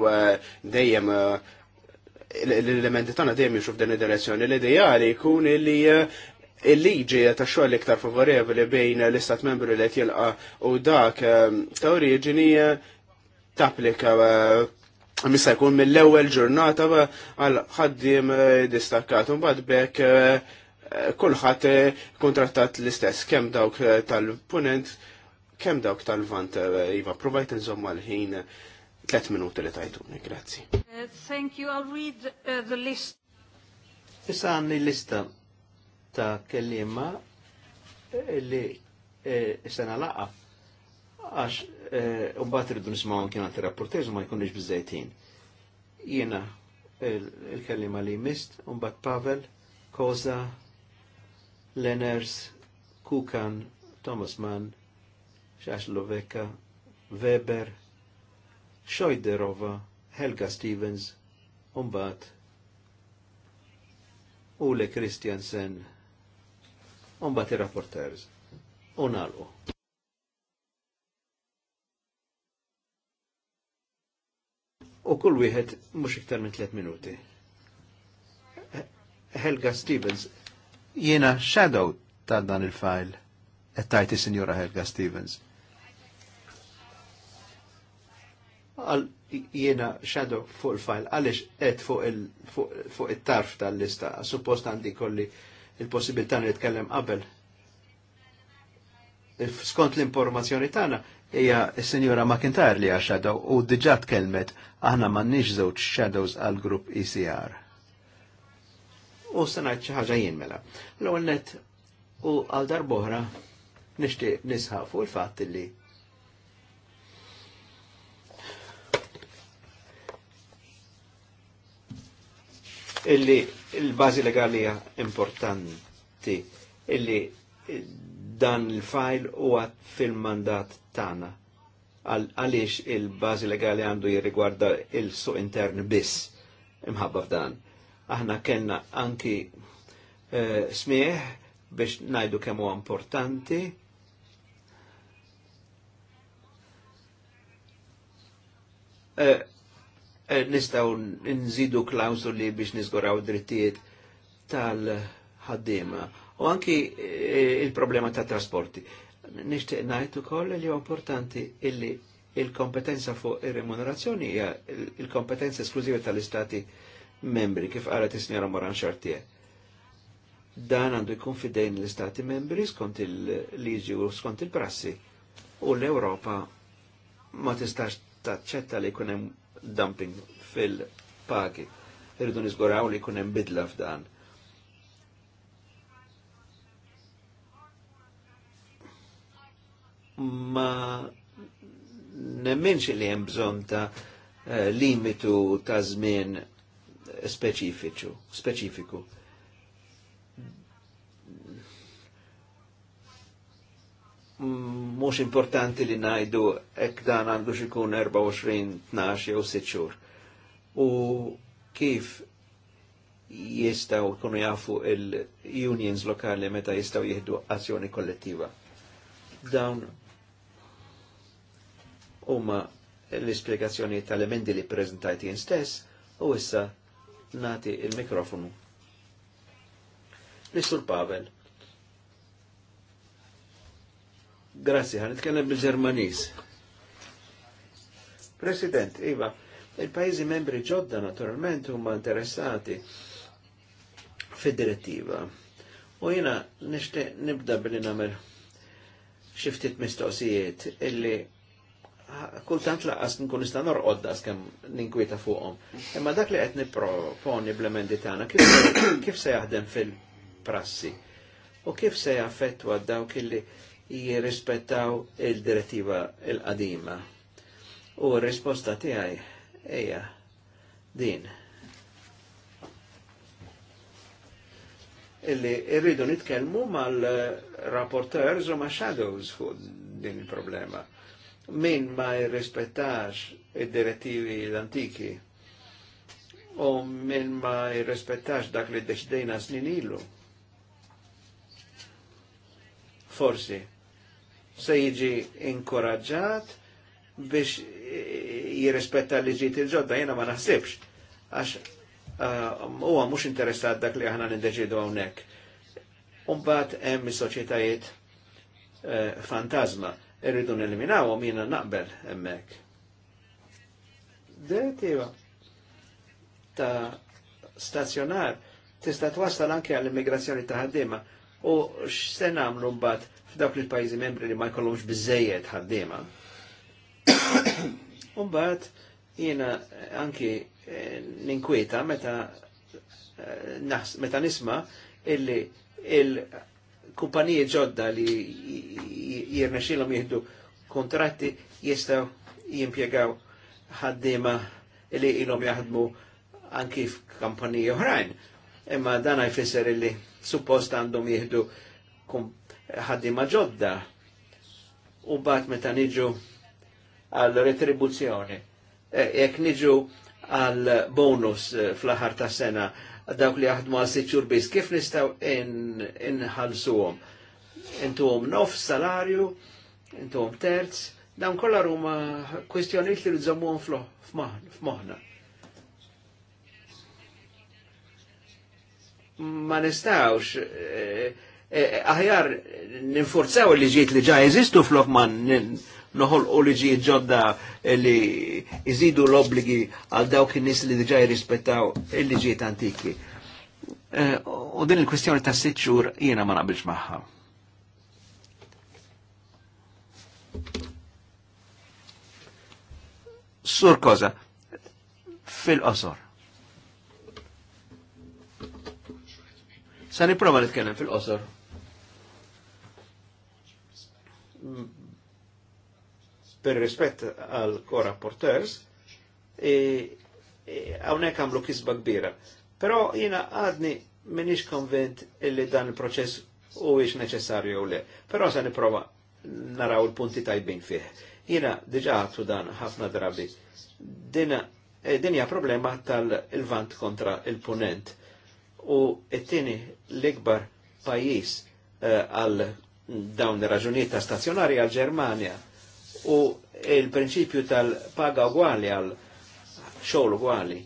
dejjem l-elementi tagħna dejjem jixuf din id-direzzjoni l-ideali jkun illi il-liġi ta' xogħol iktar favorevoli bejn l-istat membru li qed jilqa' u dak ehm, ta' oriġini eh, tapplika eh, missa jkun mill-ewwel ġurnata għal ħaddim eh, distakkat u bekk kulħadd kontrattat l-istess kemm dawk tal-punent kemm dawk tal-vant iva provajt inżomm għal-ħin tlet minuti li tajtuni, grazzi. Thank you, I'll read the list. Issa għanni lista ta' kellima eh, li eh, sena laqa għax eh, umbat rridu nismaw anki għanti rapportez ma jkunniex bizzajtin. Jena il-kellima li mist, umbat Pavel, Koza, Lenners, Kukan, Thomas Mann, Xax Loveka, Weber, Xoiderova, Helga Stevens, Umbat, Ule Christiansen, un bat il-rapporters, un għalqu. U kull wieħed mhux iktar minn tliet minuti. Helga Stevens, jiena shadow ta' dan il-file, qed tajti Sinjora Helga Stevens. Għal jiena shadow fuq il-file, għaliex qed fuq il-tarf tal-lista, suppost għandi kolli il-possibilità li nitkellem qabel. Skont l-informazzjoni tagħna hija s-Sinjura McIntyre li għax u diġà tkellmet aħna m'għandniex żewġ shadows għal grupp ECR. U sanajt xi ħaġa jien mela. L-ewwel net u għal darbohra nixtieq nisħaq fuq il-fatt li illi il-bazi legali importanti illi dan il-fajl huwa fil-mandat tana għaliex il-bazi legali għandu jirrigwarda il-suq intern biss imħabba f'dan. Aħna kellna anki uh, smieħ biex najdu kemm huwa importanti. Uh, Eh, nistaw nżidu klawsuli biex nizguraw drittijiet tal-ħaddima. U anki eh, il-problema ta' trasporti. Nishtiq najtu koll li importanti illi il-kompetenza fuq il-remunerazzjoni hija il-kompetenza esklużiva tal-istati membri, kif għalet is-snjara Moran Xartie. Dan għandu jkun fidejn l-istati membri skont il-liġi u skont il-prassi. U l-Europa ma tistax taċċetta li kunem dumping fil paki Irridu nizguraw li kunem bidla f'dan. Ma nemmenx li hemm bżonn ta' eh, limitu ta' żmien speċifiku mux mm, importanti li najdu ek dan għandu xikun 24, 12 jew 6 xur. U kif jistaw kunu jafu il-unions lokali meta jistaw jihdu azzjoni kollettiva. Dawn huma l-ispiegazzjoni tal-emendi li prezentajti jen stess u issa nati il-mikrofonu. Nistur Pavel. Grazie, għan itkellem bil-Ġermanis. President, Iva, il-pajzi membri ġodda naturalment huma interessati fid-direttiva. U jina nishtiq nibda billi namel xiftit mistoqsijiet illi kultant laqas nkun nista' norqod das kemm ninkwieta fuqhom. Imma dak li qed nipproponi bl-emendi tagħna kif se jaħdem fil-prassi u kif se jaffettwa dawk illi jirrispettaw il-direttiva il-qadima. U risposta tiegħi hija din. Illi irridu nitkellmu mal-rapporteurs u ma' shadows fuq din il-problema. Min ma' jirrispettax il direttivi l-antiki u min ma jirrispettax dak li d-deċdejna snin ilu. Forsi, se jiġi inkoraġġat biex jirrispetta l-liġijiet il-ġodda, jena ma naħsibx, għax uh, huwa uh, mhux interessat dak li aħna nindeċidu hawnhekk. Umbagħad hemm is-soċjetajiet uh, fantasma irridu neliminawhom jiena naqbel hemmhekk. Direttiva ta' stazzjonar tista' twassal anke għall-immigrazzjoni ta' ħaddiema u x'se nagħmlu mbagħad f'dawk il pajzi membri li ma jkollhomx biżejjed ħaddiema. U mbagħad jiena eh, anki eh, ninkwieta meta eh, meta nisma illi il-kumpaniji ġodda li jirnexilhom jieħdu kontratti jistgħu jimpjegaw ħaddiema li ilhom jaħdmu anki f'kampaniji oħrajn. Imma dan għajfisser illi suppost għandhom jieħdu ħaddima ġodda u bat meta niġu għal retribuzzjoni. E, jekk niġu għal bonus e, fl-aħar ta' sena dawk li jaħdmu għal sitxur bis, kif nistaw inħalsuhom? In intuhom nof salarju, intuhom terz, dawn kollha huma kwistjonijiet li nżommuhom f'moħħna. Ma nistawx e, Eh, aħjar ninforzaw li liġijiet li ġa jeżistu flok ma noħol u liġijiet ġodda eh, li jżidu l-obligi għal dawk in-nies li diġà jirrispettaw il-liġijiet antiki. Eh, u din il-kwestjoni ta' sitt xhur jiena ma nabilx magħha. Sur koza, fil-qosor. Sa prova nitkellem fil-qosor. per rispett għal korrapporters, għawnek e, e, għamlu kisba kbira. Pero jina għadni minix konvent illi dan il-proċess u ix neċessarju u le. Pero sa niprofa naraw il-punti tajbin fih. Jina diġa għattu dan ħafna drabi. Dina, e, dinja problema tal-vant kontra il-punent. U it-tini l-ikbar pajis e, għal uh, dawn ir-raġunijiet ta' stazzjonari għal Ġermanja u il-prinċipju tal-paga ugwali għal xogħol ugwali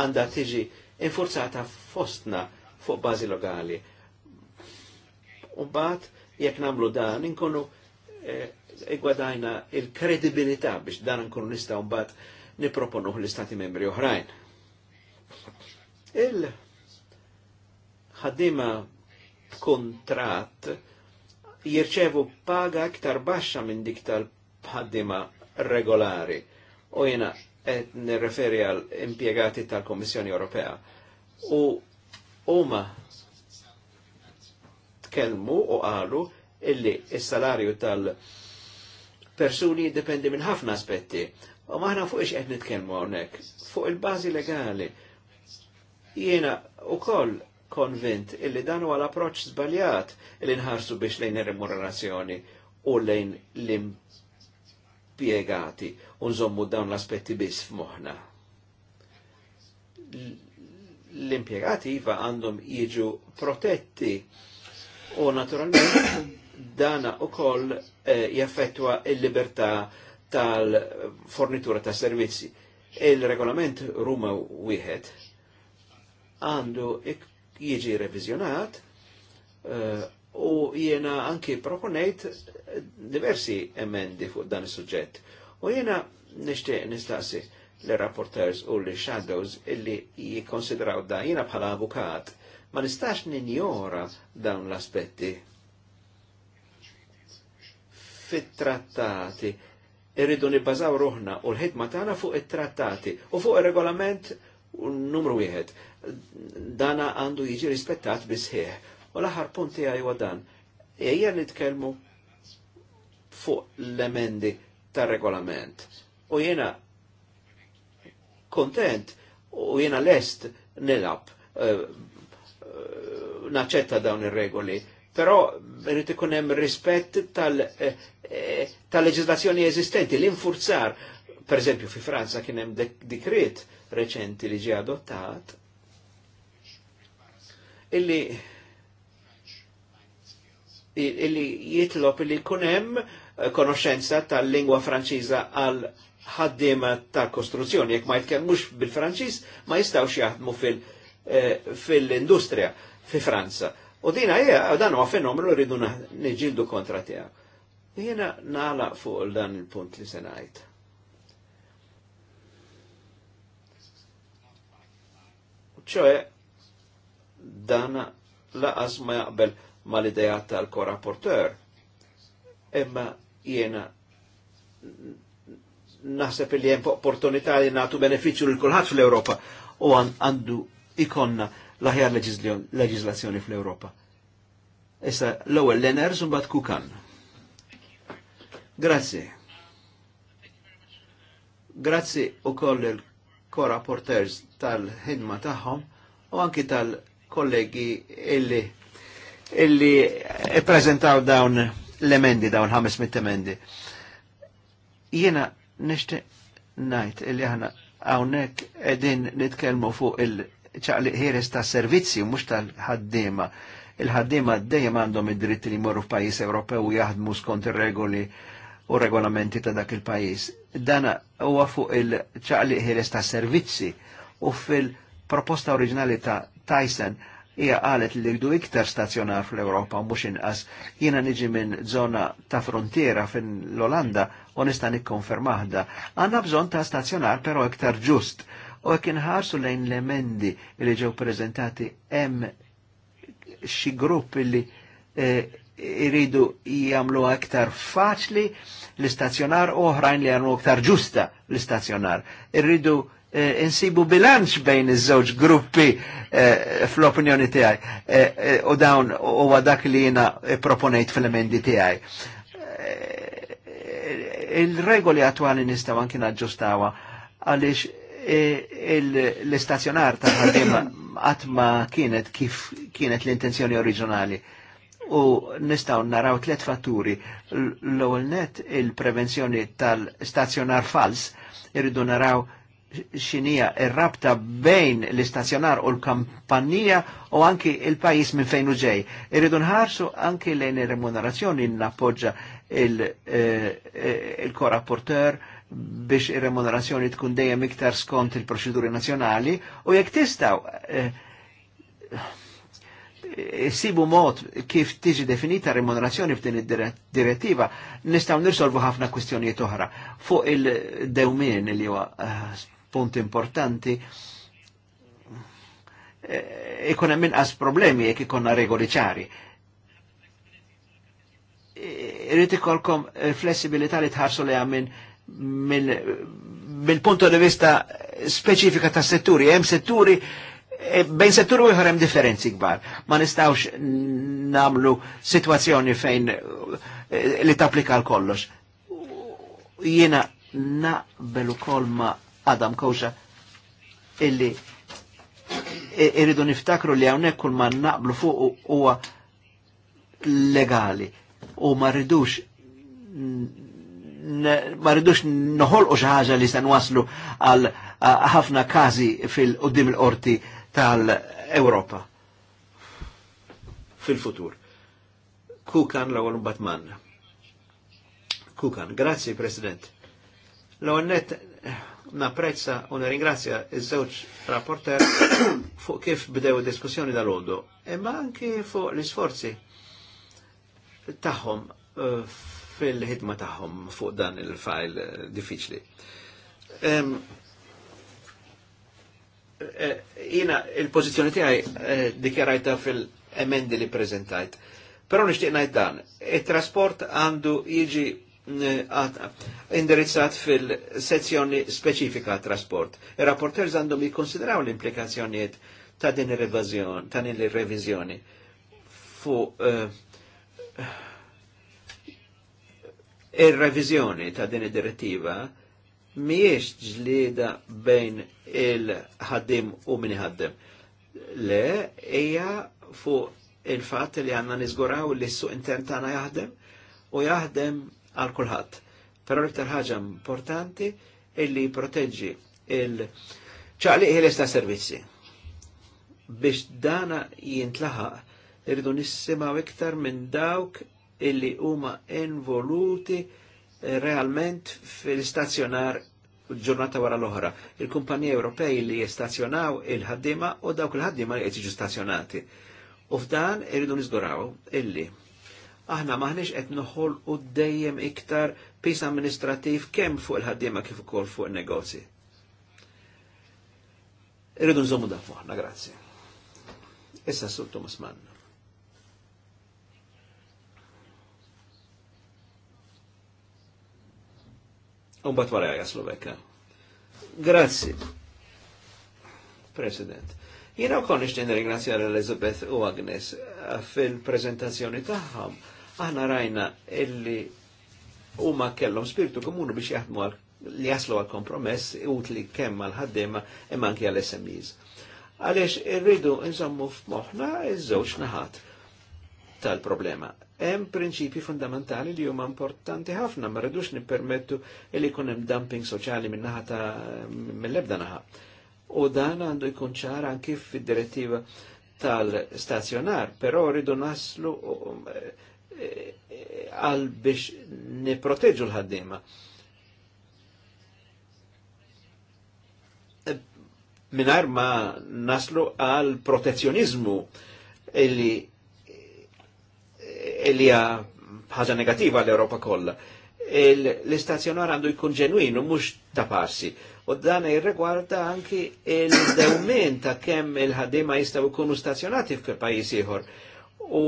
għandha tiġi infurzata fostna fuq bażi lokali. U mbagħad jekk nagħmlu dan inkunu eh, igwadajna e, il-kredibilità biex dan nkunu nistgħu mbagħad niproponuh l-istati membri oħrajn. Il-ħaddima kontrat jirċevu paga iktar baxxa minn dik tal-ħaddima regolari. U jena qed nirreferi għal impjegati tal-Kommissjoni Ewropea. U huma tkellmu u qalu illi s-salarju tal-persuni jiddependi minn ħafna aspetti. U maħna fuq ix qed nitkellmu hawnhekk, fuq il-bażi legali. Jiena ukoll konvint illi dan huwa l-approċċ żbaljat li nħarsu biex lejn ir-remunerazzjoni u lejn l-impjegati u nżommu dawn l-aspetti biss f'moħħna. L-impjegati iva għandhom jiġu protetti u naturalment dana u koll eh, jaffettwa il-libertà tal-fornitura ta' servizzi. Il-regolament Ruma wieħed għandu jiġi revizjonat eh, u jiena anki proponejt diversi emendi fuq dan is-suġġett. U jiena nixtieq nistaqsi l-rapporters u l-shadows illi jikonsidraw da jiena bħala avukat ma nistax ninjora dawn l-aspetti fit-trattati irridu nibbażaw ruħna u l-ħidma tagħna fuq it-trattati u fuq ir-regolament numru wieħed dana għandu jiġi rispettat bisħieħ. U l-aħħar punti għaj dan, ejja nitkellmu fuq l-emendi tar regolament U jena kontent u jena lest nilab uh, naċċetta dawn ir-regoli. Però rrit ikun hemm rispett eh, tal-leġislazzjoni tal eżistenti, l-infurzar. Per fi Franza kien hemm dikret reċenti li ġie adottat illi illi jitlop illi kunem eh, konoxenza tal-lingwa franċiża għal ħaddim ta' kostruzzjoni jekk ma jitkellmux bil-Franċiż, ma jistaw jaħdmu fil eh, industria fi Franza. U dina hija dan huwa fenomenu rridu niġildu kontra tiegħu. Jiena nagħlaq fuq dan il-punt li se ngħid. ċoe, dan laqas ma jaqbel mal-ideja tal-korapporter. Imma jena naħseb li jem opportunità li natu beneficju l kulħadd fl-Europa u għandu ikonna laħjar leġizlazzjoni fl-Europa. Issa l-ewwel Leners u mbagħad Kukan. Grazzi. Grazzi u koll il-kora tal-ħidma tagħhom u anki tal- kollegi illi illi prezentaw dawn l-emendi, dawn 500 emendi. Jena nishti najt illi ħana għawnek edin nitkelmu fuq il-ċaqli ħires ta' servizzi, u mux tal-ħaddima. Il-ħaddima dejjem għandhom id dritti li morru f'pajis Ewropew u jaħdmu skont ir-regoli u regolamenti ta' dak il-pajis. Dana huwa fuq il-ċaqli ħires ta' servizzi u fil- proposta oriġinali ta' Tyson hija qalet li jdu iktar stazzjonar fl-Ewropa mhux inqas. Jiena niġi minn żona ta' frontiera fin l-Olanda u nista' nikkonfermaħda. Għandna bżonn ta' stazzjonar però iktar ġust. U jekk inħarsu lejn l-emendi li ġew preżentati hemm xi grupp li eh, iridu jamlu iktar faċli l-istazzjonar u oħrajn li għamlu iktar ġusta l-istazzjonar. Irridu Eh, insibu bilanċ bejn iż-żewġ gruppi eh, fl-opinjoni tiegħi eh, u dawn huwa dak li jiena proponejt fl emendi tiegħi. Il-regoli attwali nistgħu anke naġġustawha għaliex l-istazzjonar ta' ħaddiema qatt ma kienet kif kienet l-intenzjoni oriġinali u nistgħu naraw tliet fatturi l-ewwel net il-prevenzjoni tal-stazzjonar fals irridu naraw xinija il rabta bejn l-istazzjonar u l-kampanija u anki il-pajis minn fejn uġej. Irridu nħarsu anki lejn il remunerazzjoni eh, eh, n-appoġġa il-korapporter biex il remunerazzjoni tkun dejjem iktar skont il-proċeduri nazjonali u jek tistaw eh, sibu mod kif tiġi definita remunerazzjoni f'din id-direttiva, nistaw nirsolvu ħafna kwistjonijiet oħra fuq il-dewmin li huwa punt importanti, eh, ikun hemm inqas problemi jekk ikonna regoli ċari. Irid ikolkom flessibilità li tħarsu li minn mill-punto di vista speċifika ta' setturi, hemm setturi eh, bejn setturi ieħor hemm differenzi kbar. Ma nistgħux namlu situazzjoni fejn eh, li tapplika l-kollox. Jiena naqbel ukoll ma' Adam Kosha illi irridu niftakru li hawnhekk kull ma naqblu fuq huwa legali u ma rridux ma rridux noħolqu xi ħaġa li se waslu għal ħafna każi fil-qudiem il-qorti tal-Ewropa fil-futur. Kukan l-ewwel Batman. Kukan, grazzi President. L-ewwel napprezza u nirringrazzja iż-żewġ rapporter fuq kif bdew diskussjoni dal-għodu, imma anki fuq l-isforzi tagħhom eh, fil-ħidma tagħhom fuq dan il-fajl eh, diffiċli. Eh, jina il-pozizjoni tiegħi dikjarajta fil-emendi li prezentajt. Però nixtieq ngħid dan, it-trasport għandu jiġi Eh, indirizzat fil-sezzjoni speċifika trasport. il rapporter zandu mi konsideraw l implikazzjoniet ta' din il-revizjoni, ta' din il-revizjoni fu uh, ir-reviżjoni ta' din il eh, direttiva miex ġlida bejn il-ħaddim u min ħaddim. Le, eja fu il-fat li għanna nizguraw li s-suq intern tana jahdem u jahdem għal kulħadd. Però l-iktar ħaġa importanti illi jproteġġi il-ċaqli ħiles ta' servizzi. Biex dana jintlaħaq irridu nissimaw iktar minn dawk illi huma involuti realment fil-stazzjonar ġurnata wara l-oħra. Il-kumpanija Ewropej li jistazzjonaw il-ħaddima u dawk il-ħaddima li jtiġu stazzjonati. U f'dan irridu nizguraw illi aħna maħniex qed noħol u dejjem iktar pis amministrativ kemm fuq il-ħaddiema kif ukoll fuq il-negozji. Irridu nżommu da fuqna, grazzi. Issa s-sultu musmanna. Umbat wara jaslu bekka. Grazzi. President. Jina u konix ringrazzjar Elizabeth u Agnes fil-prezentazzjoni taħħam Aħna rajna illi huma kellhom spiritu komunu biex jaħdmu li jaslu għal kompromess li kemm għal ħaddema imma anke għal SMEs. Għalix irridu nżommu f'moħħna iż-żewġ naħat tal-problema. Hemm prinċipji fundamentali li huma importanti ħafna, ma rridux nippermettu li jkun hemm dumping soċjali minn naħa ta' mill-ebda naħa. U dan għandu jkun ċara anki fid-direttiva tal-stazzjonar, però rridu naslu għal biex niproteġu l-ħaddima. E, minar ma naslu għal protezjonizmu illi illi ħaġa negativa l-Europa kolla. L-istazzjonar għandu jkun ġenwin u mhux ta' passi. U dan jirregwarda anki il dewmen ta' kem il-ħadima jistaw jkunu stazzjonati f'pajjiż ieħor. U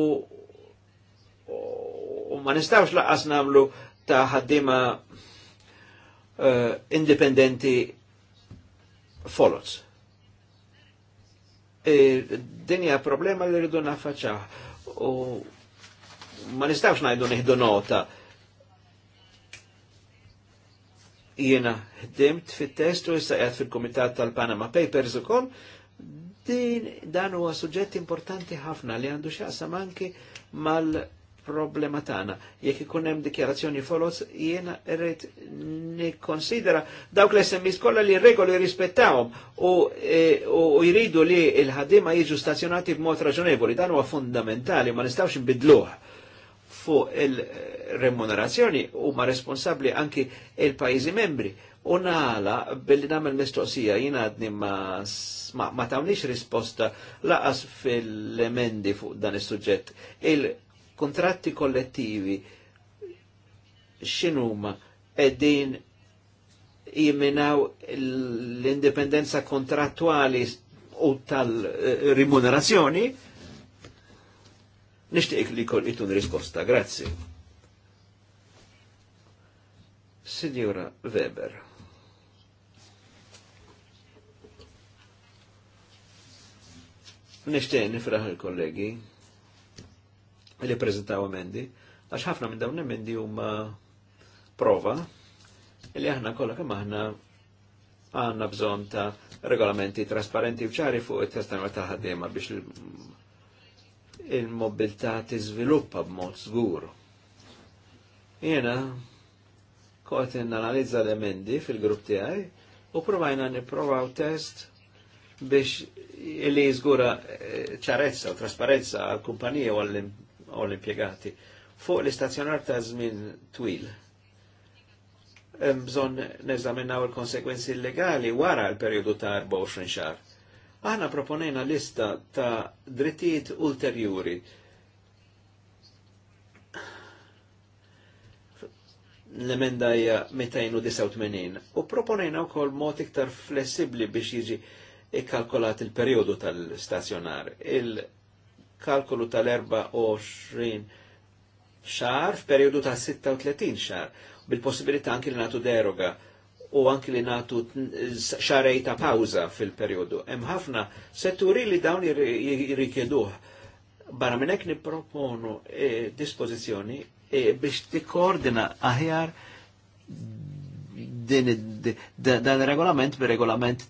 u ma nistawx laqqas namlu ta' ħaddima uh, indipendenti folots. E, dinja problema li rridu naffaċaħ. u ma nistawx najdu nihdu nota. Jiena ħdimt fit-test u issa fil-Kumitat tal-Panama Papers ukoll din dan huwa suġġett importanti ħafna li għandu x'jaqsam anki mal problema tagħna. Jekk ikun hemm dikjarazzjoni folos, jiena rrid nikkonsidera dawk l-SMIs kollha li regoli rispettawhom u, e, u jridu li l-ħaddiema jiġu stazzjonati b'mod raġonevoli. Dan huwa fundamentali, ma nistgħux nbidluh fuq il-remunerazzjoni huma responsabbli anki il-pajjiżi membri. U nala billi namel mistoqsija jina għadni ma, ma, ma tawnix risposta laqas fil-emendi fuq dan is-suġġett. Il kontratti kollettivi xinuma eddin jimminaw l-indipendenza kontrattuali u tal-rimunerazzjoni, nishtiq li kol itun risposta, grazzi. Signora Weber. Nishtiq nifraħ il-kollegi li prezentaw emendi, għax ħafna minn dawn emendi huma prova li aħna kollha kemm aħna għandna bżonn ta' regolamenti trasparenti u ċari fuq it-testament ta' ħaddiema biex il-mobilità tiżviluppa b'mod żgur. Jiena kot nanalizza l-emendi fil-grupp tiegħi u provajna nipprovaw test biex li jizgura eh, ċarezza u trasparenza għal kumpanija u għall u l impiegati fuq l-istazzjonar ta' żmien twil. Bżon bżonn neżaminaw il-konsekwenzi legali wara l-perjodu ta' 24 xar. Aħna proponejna lista ta' drittijiet ulterjuri l-emenda hija 289 u proponejna wkoll mod iktar flessibbli biex jiġi ikkalkolat il-perjodu tal-stazzjonar. il perjodu tal stazzjonar kalkolu tal-24 xar f'periodu ta' 36 xar, bil-possibilità anki li natu deroga u anki li natu xarej ta' pawza fil-periodu. Hemm ħafna setturi li dawn jirrikjeduh. Barra minnek niproponu e, eh, dispozizjoni e, eh, biex tikkoordina aħjar dan dan regolament bi regolament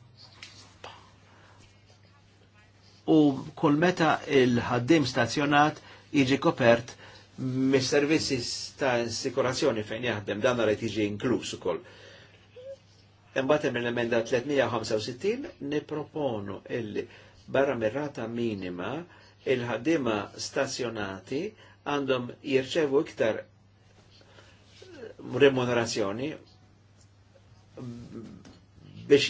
u kull meta il-ħaddim stazzjonat iġi kopert mis-servizzi ta' assikurazzjoni fejn jaħdem dan rajt jiġi inkluż ukoll. Imbagħad hemm l-emenda 365 nipproponu illi barra mirrata minima il ħaddima stazzjonati għandhom jirċevu iktar eh, remunerazzjoni biex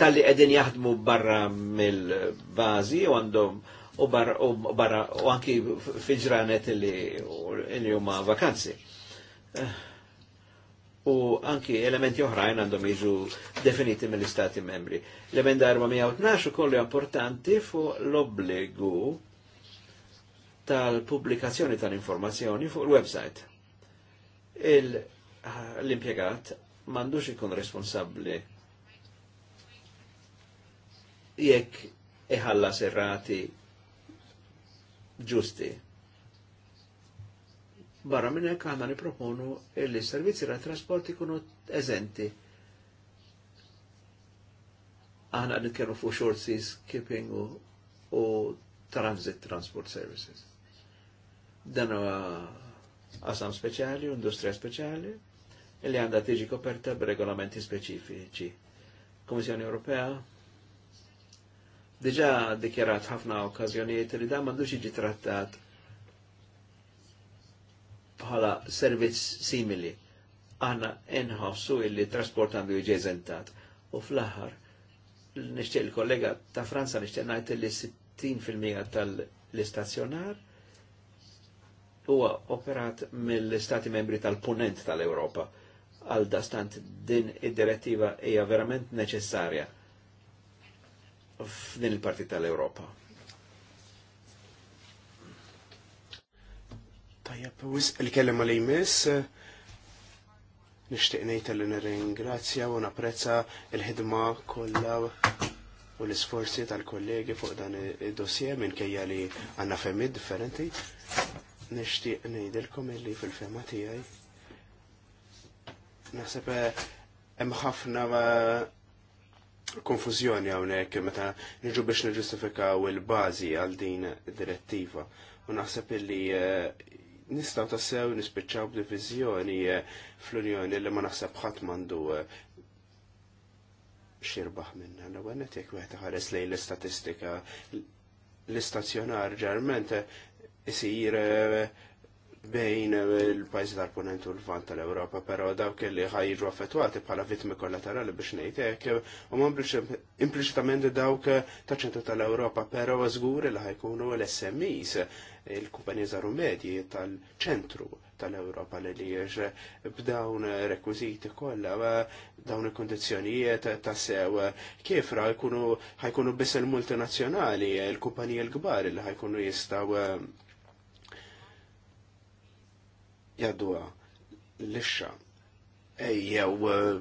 tal-li edin jaħdmu barra mill-bazi u għandhom u barra u anki fiġranet li huma vakanzi. Eh, u anki elementi oħrajn għandhom jiġu definiti mill-istati membri. L-emenda 412 kollu importanti fu l-obbligu tal-pubblikazzjoni tal-informazzjoni fuq il-website. L-impiegat mandux ikun responsabli jekk iħalla serrati ġusti. Barra minn hekk għandna niproponu li servizzi ta' trasport ikunu eżenti. Aħna nitkellmu fuq short seas skipping u, u transit transport services. Dan huwa qasam speċjali, industrija speċjali, illi għandha tiġi koperta b'regolamenti speċifiċi. Komissjoni Ewropea Dġa dikjerat ħafna okkazjoniet li dan m'għandux jiġi trattat bħala servizz simili. Għanna inħossu illi trasport għandu eżentat. U fl-aħħar, nixtieq il-kollega ta' Franza nishtiq ngħid li 60% tal-istazzjonar huwa operat mill-Stati membri tal-punent tal-Ewropa. Għal dastant din id-direttiva hija verament neċessarja f'din il-parti tal-Europa. Tajab, il-kellem għal jmiss, nishtiq nejta li nirringrazzja u napprezza il-ħidma kollha u l-isforzi tal-kollegi fuq dan id-dossier minn kejja li għanna femmid differenti. Nishtiq nejdilkom illi fil-fema tiegħi. Naħseb eh, hemm ħafna eh, konfuzjoni hawnhekk meta niġu biex nġustifikaw il-bażi għal din direttiva. U naħseb illi eh, nistgħu tassew nispiċċaw b'diviżjoni eh, fl-Unjoni li ma naħseb ħadd m'għandu eh, xirbaħ minna. L-ewwel jek jekk wieħed ħares lejn l-istatistika l-istazzjonar ġarment isir bejn il-pajzi tal-ponent u l-vant tal-Europa, pero dawk li ħajġu affettwati bħala vittmi kollaterali biex nejtek, u biex impliċitament dawk ta' ċentru tal-Europa, pero żgur li ħajkunu l-SMEs, il-kumpanija zaru medji tal-ċentru tal-Europa li li b'dawn rekwiziti kollha dawn il-kondizjonijiet ta' sew kif ra ħajkunu biss il-multinazzjonali, il-kumpanija l-kbar li ħajkunu jistaw jadwa l-ixxa jew eh,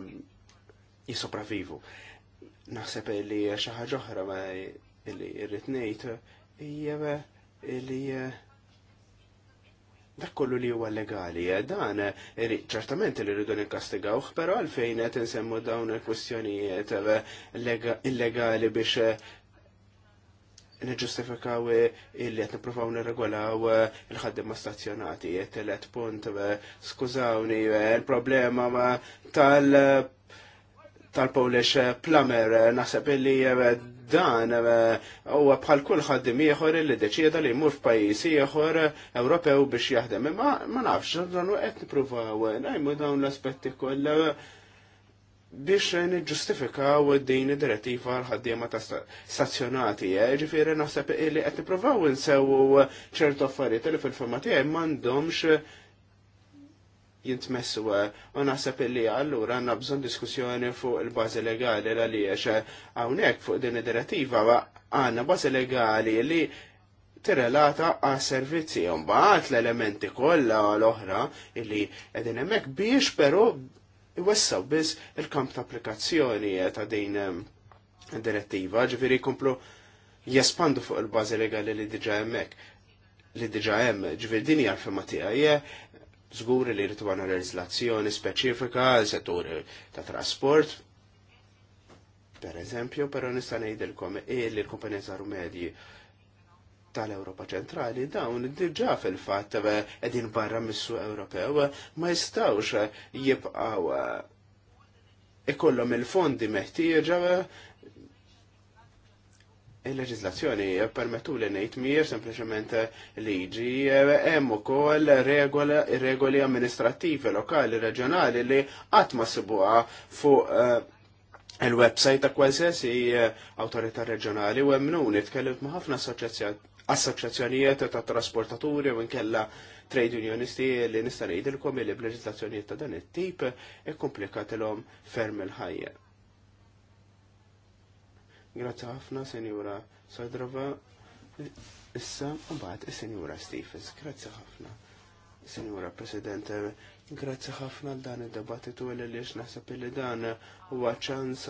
jisopravivu. Naħseb li xi ħaġa oħra li rrid ngħid hija li eh, dak kollu li huwa legali, eh, dan ċertament li rridu nikkastigawh, però għalfejn qed insemmu dawn il-kwistjonijiet illegali biex nġustifikaw illi qed nippruvaw nirregolaw eh, il eh, eh, ma stazzjonati. Telet punt, skużawni, il-problema tal tal-Polish plumber naħseb illi dan huwa bħal kull ħaddim ieħor illi deċieda li jmur f'pajjiż ieħor Ewropew biex jaħdem. Ma nafx, dan qed nippruvaw najmu dawn l-aspetti kollha biex niġġustifikaw din id-direttiva l-ħaddiema ta' stazzjonati. Eh, ġifiri naħseb li qed nippruvaw insewu ċertu affarijiet li fil-fema tiegħi m'għandhomx jintmessu eh, u naħseb li allura għanna bżonn diskussjoni fuq il-bażi legali għaliex eh, hawnhekk fuq din id-direttiva għandna bażi legali li tirrelata għas servizzi mbagħad l-elementi kollha l-oħra li qegħdin hemmhekk biex peru iwessaw biss il-kamp ta' applikazzjoni eh, ta' din eh, direttiva, ġviri komplu jespandu fuq il-bazi legali li diġa hemmhekk. Li diġa hemm, ġviri din hija l-fema tiegħi eh, li rritu għana leżlazzjoni speċifika settur ta' trasport. Per eżempju, però nista' ngħidilkom li l-kumpanija żaru medji tal-Europa ċentrali dawn diġa fil-fatt eh, edin barra missu Ewropew ma jistawx jibqaw eh, ikollhom il-fondi meħtieġa eh, il-leġizlazzjoni permettu li ngħid mir sempliċement liġi hemm ukoll regoli amministrattivi lokali reġjonali li qatt ma sibuha fuq il-website ta' qualsiasi awtorità reġjonali u hemm nun nitkellem ma' ħafna assoċjazzjoni assoċjazzjonijiet ta' trasportaturi u nkella trade unionisti li nista' ngħidilkom li b'leġislazzjonijiet ta' dan it-tip ikkomplikatilhom ferm il-ħajja. Grazzi ħafna, Senjura Sadrova. Issa, mbagħad is-Senjura Stevens. Grazzi ħafna, Senjura President. Grazzi ħafna għal dan id debattitu li naħseb li dan huwa ċans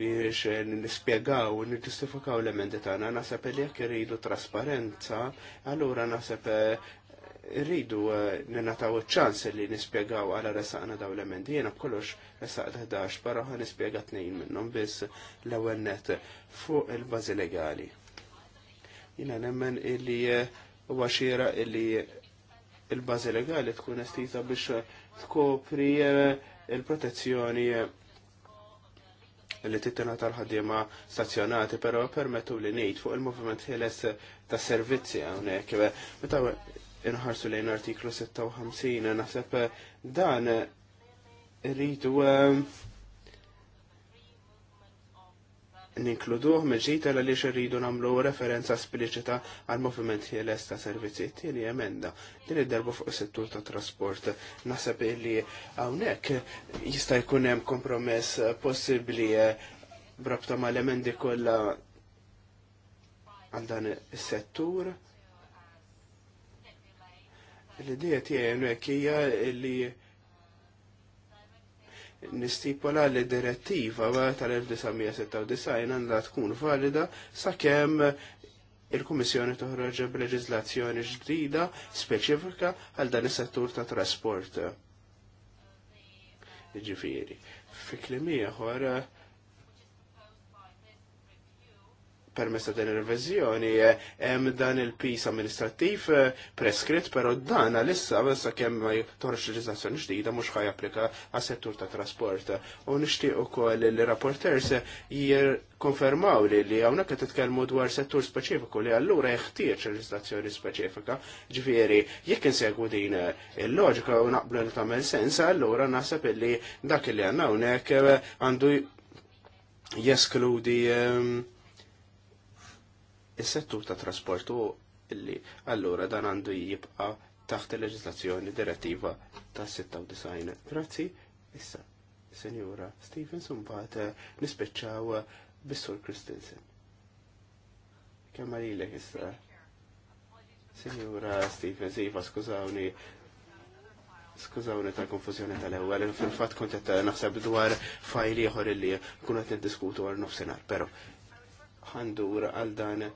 biex eh, nispiegaw, nitistifikaw l-emendi tagħna, naħseb li jekk iridu trasparenza, allura naħseb eh, irridu eh, ninataw ċans li nispiegaw għala resaqna daw l-emendi. Jena b'kollox resaq 11, barra nispiega tnejn minnhom biss l-ewwel net fuq il-bażi legali. Jena nemmen illi waxira xira illi il-bażi legali tkun estiża biex tkopri il-protezzjoni li tittina tal-ħaddiema stazzjonati, però permettu li ngħid fuq il-movement ħieles tas servizzi għonek. Meta inħarsu lejn artiklu 56 naħseb dan irridu ehm, ninkluduh meġita li xerridu namlu referenza spliċita għal moviment ħieles ta' servizzi tieni emenda din id darbu fuq settur ta' trasport. Nasab li hawnhekk jista' jkun hemm kompromess possibbli eh, brabta ma' l-emendi kollha għal dan is-settur. L-idea tiegħi hija li nistipula li direttiva tal-1996 għandha tkun valida sakemm il-Kummissjoni toħroġ b'leġiżlazzjoni ġdida speċifika għal dan is-settur ta' trasport. Ġifieri, fi kliem ieħor permessa din ir-reviżjoni eh, hemm dan il-pis amministrattiv eh, preskritt, però dan għalissa issa kemm ma toħroġ leġiżlazzjoni ġdida mhux ħaj applika għas-settur ta' trasport. U nixtieq ukoll li rapporters eh, jirkonfermaw li li hawnhekk qed titkellmu dwar settur speċifiku li allura jeħtieġ leġiżlazzjoni speċifika. Ġifieri, jekk insegwu din il-loġika u naqblu li tagħmel sens, allura naħseb illi dak li għandna hawnhekk għandu jeskludi um, Is-settur ta' trasportu illi Allora dan għandu jibqa taħt il-leġislazzjoni direttiva ta' 96. Grazzi, issa, Senjura Stevens, un eh, nispiċċaw eh, bis-Sur Christensen. Kemm għalilek issa? Senjura Stevens, iva, skużawni, skużawni tal-konfuzjoni tal-ewwel, fil fat kont qed eh, naħseb dwar fajli ieħor illi kunet qed niddiskutu għal nofsinhar, pero għandur għal dan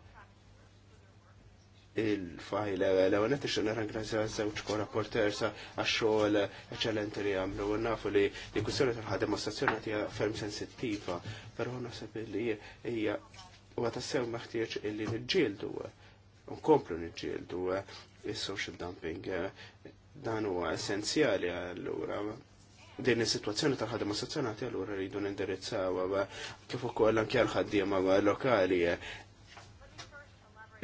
il-fajl l-għonet ixtaq nirrangrazzja żewġ korrapporter sa għax-xogħol eċċellenti li għamlu u nafu li li kwistjoni tal-ħadem stazzjoni hija ferm sensittiva, però naħseb li hija u għatassew maħtieġ illi nġildu, nkomplu nġildu il-social dumping. Dan huwa essenzjali għallura. Din is-sitwazzjoni ta' ħadema stazzjonati allura rridu nindirizzaw kif ukoll anke għal ħaddiema lokali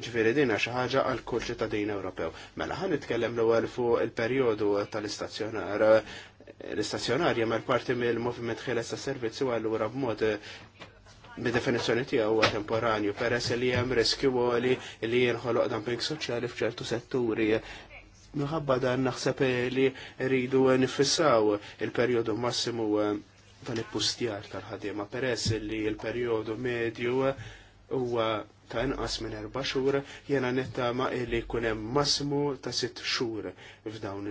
Ġifieri din xi ħaġa għal kull ċittadin Ewropew. Mela ħan nitkellem l-ewwel fuq il-perjodu tal-istazzjonar l-istazzjonarja mal parti mill-moviment ħeles ta' servizzi allura b'mod bid-definizzjoni tiegħu huwa temporanju peress li hemm riskju li li jinħoloq dumping soċjali f'ċertu setturi minħabba dan naħseb li rridu nifissaw il-periodu massimu tal-ippustjar tal-ħadiema peress li il-periodu medju huwa ta' inqas minn erba' xhur jiena nittama li jkun hemm massimu ta' sitt xhur f'dawn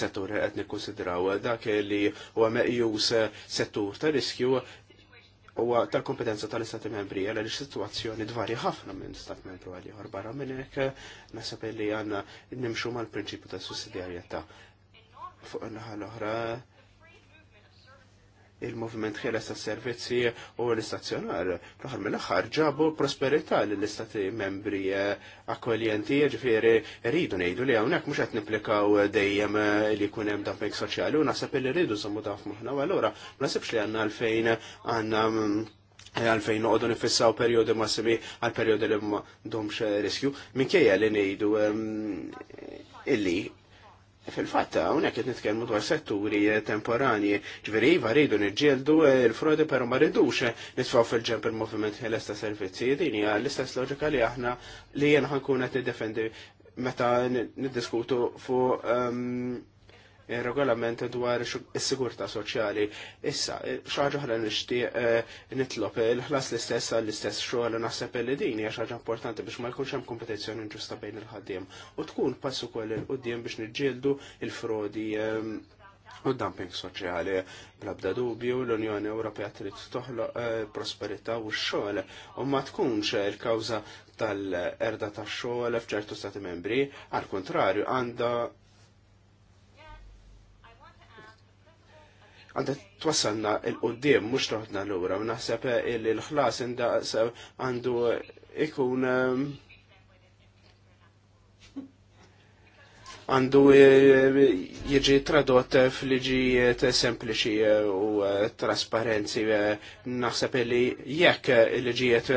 settur qed nikkonsidraw dak li huwa meqjus settur ta' riskju huwa ta' kompetenza tal-Istati Membri għal li situazzjoni dvarja ħafna minn Stat Membru għal ieħor barra minn hekk nasab li għanna nimxu mal-prinċipju ta' sussidjarjetà fuq l naħa l-oħra il-movement ħieles tas servizzi u l-istazzjonar. Fl-aħħar mill-aħħar ġabu prosperità lill-istati membri eh, akkoljenti, ġifiri rridu ngħidu li hawnhekk mhux qed nipplikaw dejjem eh, li jkun hemm dumping soċjali u naħseb li rridu żommu taf moħħna u allura ma li għandna għalfejn għanna mm, għalfejn noqdu nifissaw periodi massimi għal periodi li ma domx riskju. Minkejja li nejdu eh, illi Fil-fatt, hawnhekk qed nitkellmu dwar setturi temporani, ġveri iva rridu niġġieldu l-frodi però ma rridux nisfaw fil-ġemp il-moviment l ta' servizzi. Din hija l-istess loġika li aħna li jien ħankun qed niddefendi meta niddiskutu fuq ehm, regolament dwar is-sigurtà soċjali. Issa, eh, xaġa oħra nixtieq eh, nitlob eh, il-ħlas l-istess għall-istess xogħol naħseb li din hija ħaġa importanti biex ma jkunx hemm kompetizzjoni inġusta bejn il-ħaddiem u tkun pass ukoll il qudiem biex niġġieldu il-frodi U dumping soċjali, blabda dubju, l-Unjoni Ewropea trid toħloq prosperità u x-xogħol u ma tkunx il-kawża tal-erda tax-xogħol f'ċertu stati membri, għal kontrarju għandha għanda t twassalna il-qoddim, mux toħdna l għura u naħseb il ħlas inda għandu ikun ehm, għandu ehm, jieġi tradot fl-liġijiet sempliċi u eh, trasparenzi. Naħseb li jekk il-liġijiet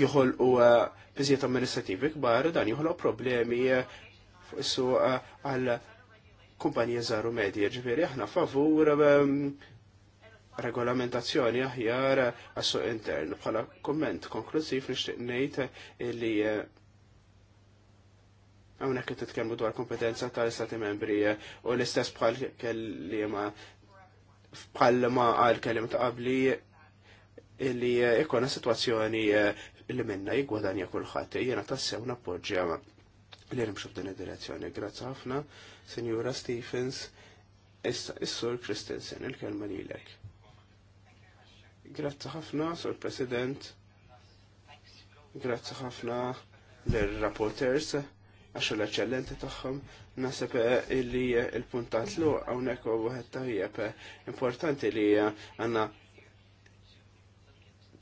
juħol u eh, biżiet amministrativi kbar, dan juħol problemi eh, fuq għal kumpanija żaru medji, ġifiri, aħna favur ehm, regolamentazzjoni aħjar għas-suq intern. Bħala komment konklusiv nixtieq ngħid li eh, hawnhekk qed titkellmu dwar kompetenza tal-Istati Membri eh, u l-istess bħal kelliema bħal ma qal kellim ta' qabli illi eh, ikkona situazzjoni li minna jigwadanja kulħadd jiena tassew nappoġġja li nimxu f'din id-direzzjoni. Grazzi ħafna. Senjura Stephens, issa is-Sur Christensen, il-kelma lilek. Grazzi ħafna, Sur President. Grazzi ħafna l-rapporters għax l-eċellenti tagħhom. Naseb eh, illi eh, il-puntat lu hawnhekk u għuħet tajjeb eh, importanti li għandna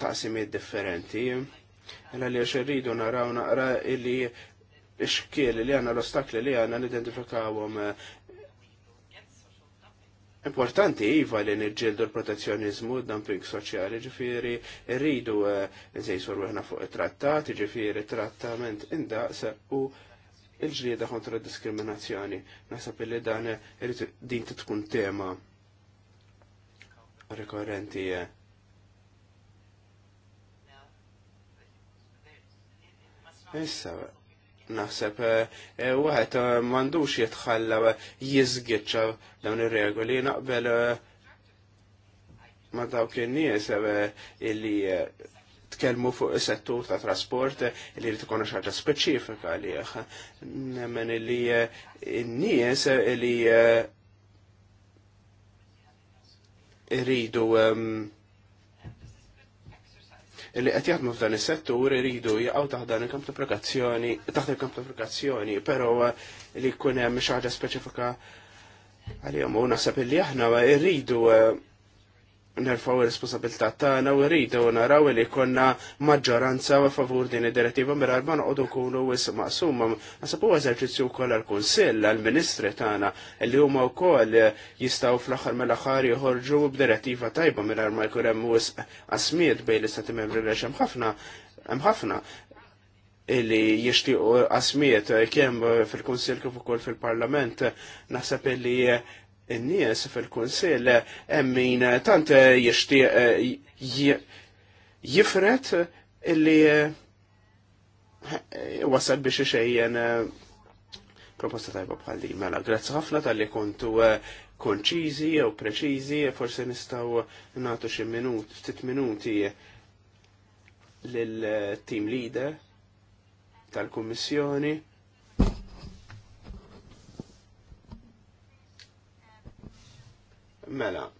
taqsimiet differenti. Għalli għaxu rridu naraw naqra illi xkiel li għana l-ostakli li għana l-identifikawom eh, Importanti iva li nirġildu l-protezzjonizmu, dumping soċjali, ġifiri, rridu eh, nsejsu ruħna fuq it trattati ġifiri, trattament indaqs u il-ġlieda kontra diskriminazzjoni. Nasab li dan eh, din tkun tema rikorrenti. Issa, naħseb eh, waħed eh, m'għandux jitħalla eh, jiżgiċċa dawn ir-regoli naqbel ma dawk in-nies illi tkellmu fuq is-settur ta' trasport li li tkun xaġa speċifika għalih. Nemmen illi n-nies li rridu ehm, li qed jaħdmu f'dan is-settur iridu jaqgħu taħt dan il-kamp applikazzjoni, taħt il-kamp applikazzjoni, però eh, li jkun hemm xi ħaġa speċifika għalihom u naħseb illi aħna rridu eh, nerfaw il-responsabilità tagħna u rridu naraw li konna maġġoranza favur din id-direttiva mira arba noqogħdu nkunu wis maqsuma. Nasab għazerġizju eżerċizzju wkoll għall-Kunsill għall-Ministri tagħna li huma wkoll jistgħu fl-aħħar mill-aħħar joħorġu b'direttiva tajba mira ma jkun hemm wisq bej bejn l-istati membri għax hemm ħafna hemm ħafna illi jixtiequ kem kemm fil-Kunsill kif ukoll fil-Parlament naħseb illi n-nies fil-Kunsill hemm min tant eh, jixtieq eh, jifret illi eh, wasal biex xejjen proposta tajba bħal mela. Grazzi ħafna tal-li kontu konċiżi jew preċiżi, forse nistgħu nagħtu xi minut, ftit minuti lill-team leader tal-Kummissjoni. Mela,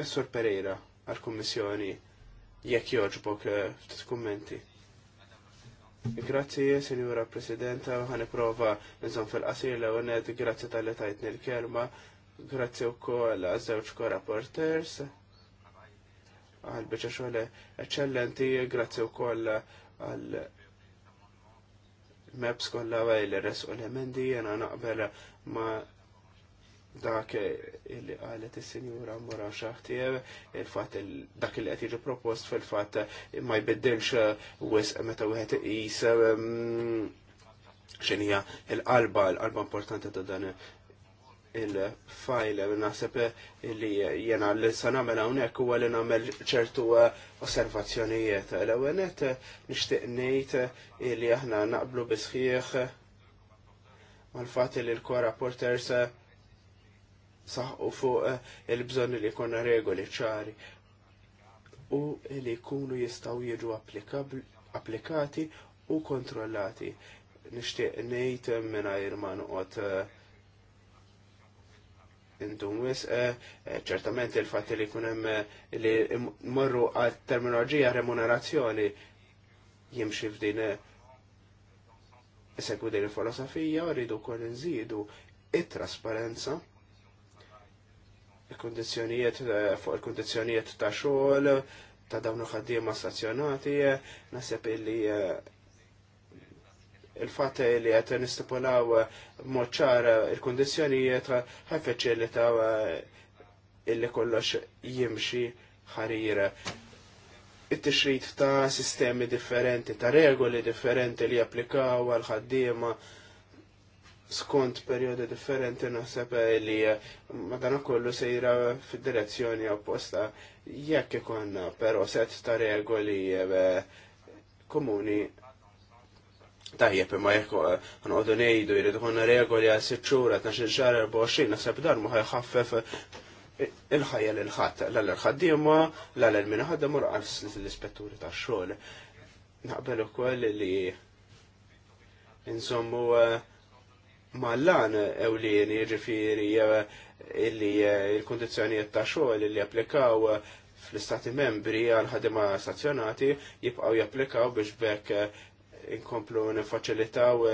Is-Sur Pereira għal-Kummissjoni jekk joġbok eh, ftit kummenti. Grazzi, Signora Presidenta, ħani prova nżom fil-qasir l għonet, grazzi tal-li tajtni l-kelma, grazzi u koll għazzewċ ko rapporters, għal-bicċa xole eccellenti, grazzi u koll għal MEPS kolla għaj l-res u l-emendi, jena naqbel ma' dak li għalet il-Sinjura Mora Xaħtiev, il-fat dak li għet jiġi propost fil-fat ma jbiddilx uh, wis meta u għet jis um, xenija il-qalba, l-qalba importanti ta' dan il-fajl, naħseb li jena l-sanamela unek u għalli namel ċertu uh, osservazzjonijiet. L-għenet nishtiq nejt li aħna naqblu bisħiħ mal-fat li l-kora porters saħqu fuq eh, il-bżonni li jkun regoli ċari u li jkunu jistaw jiġu applikati u kontrollati. Nishtiq nejt eh, jirman u nuqot eh, intum wis, ċertament il-fat li kunem li morru għat terminologija remunerazzjoni jimxi f'din segwu din il-filosofija rridu kol nżidu it-trasparenza il-kondizjonijiet eh, fuq il-kondizjonijiet ta' xogħol ta' dawn il-ħaddiema stazzjonati, eh, naħseb illi eh, il-fatt li qed nistipulaw mod ċar il-kundizzjonijiet ħajfeċilita illi kollox jimxi ħarira. It-tixrid ta' sistemi differenti, ta' regoli differenti li japplikaw għal ħaddiema skont periodi differenti naħseb li madana kollu sejra fil-direzzjoni opposta jekk ikonna pero set ta' regoli eh, komuni tajjeb imma jekk għanqodu nejdu jridu konna regoli għal sitxura ta' xinxar 24 naħseb dar ma ħajħaffef il-ħajja l-ħat l-ħaddiema l-għal-minna ħadda murqas l-ispetturi ta' xogħol. Naqbel ukoll li insommu eh, mal-lan ewlieni ġifiri eh, illi eh, il-kondizjonijiet ta' xogħol illi applikaw eh, fl-istati membri għal ħadima stazzjonati jibqaw japplikaw biex bekk inkomplu nifaċilitaw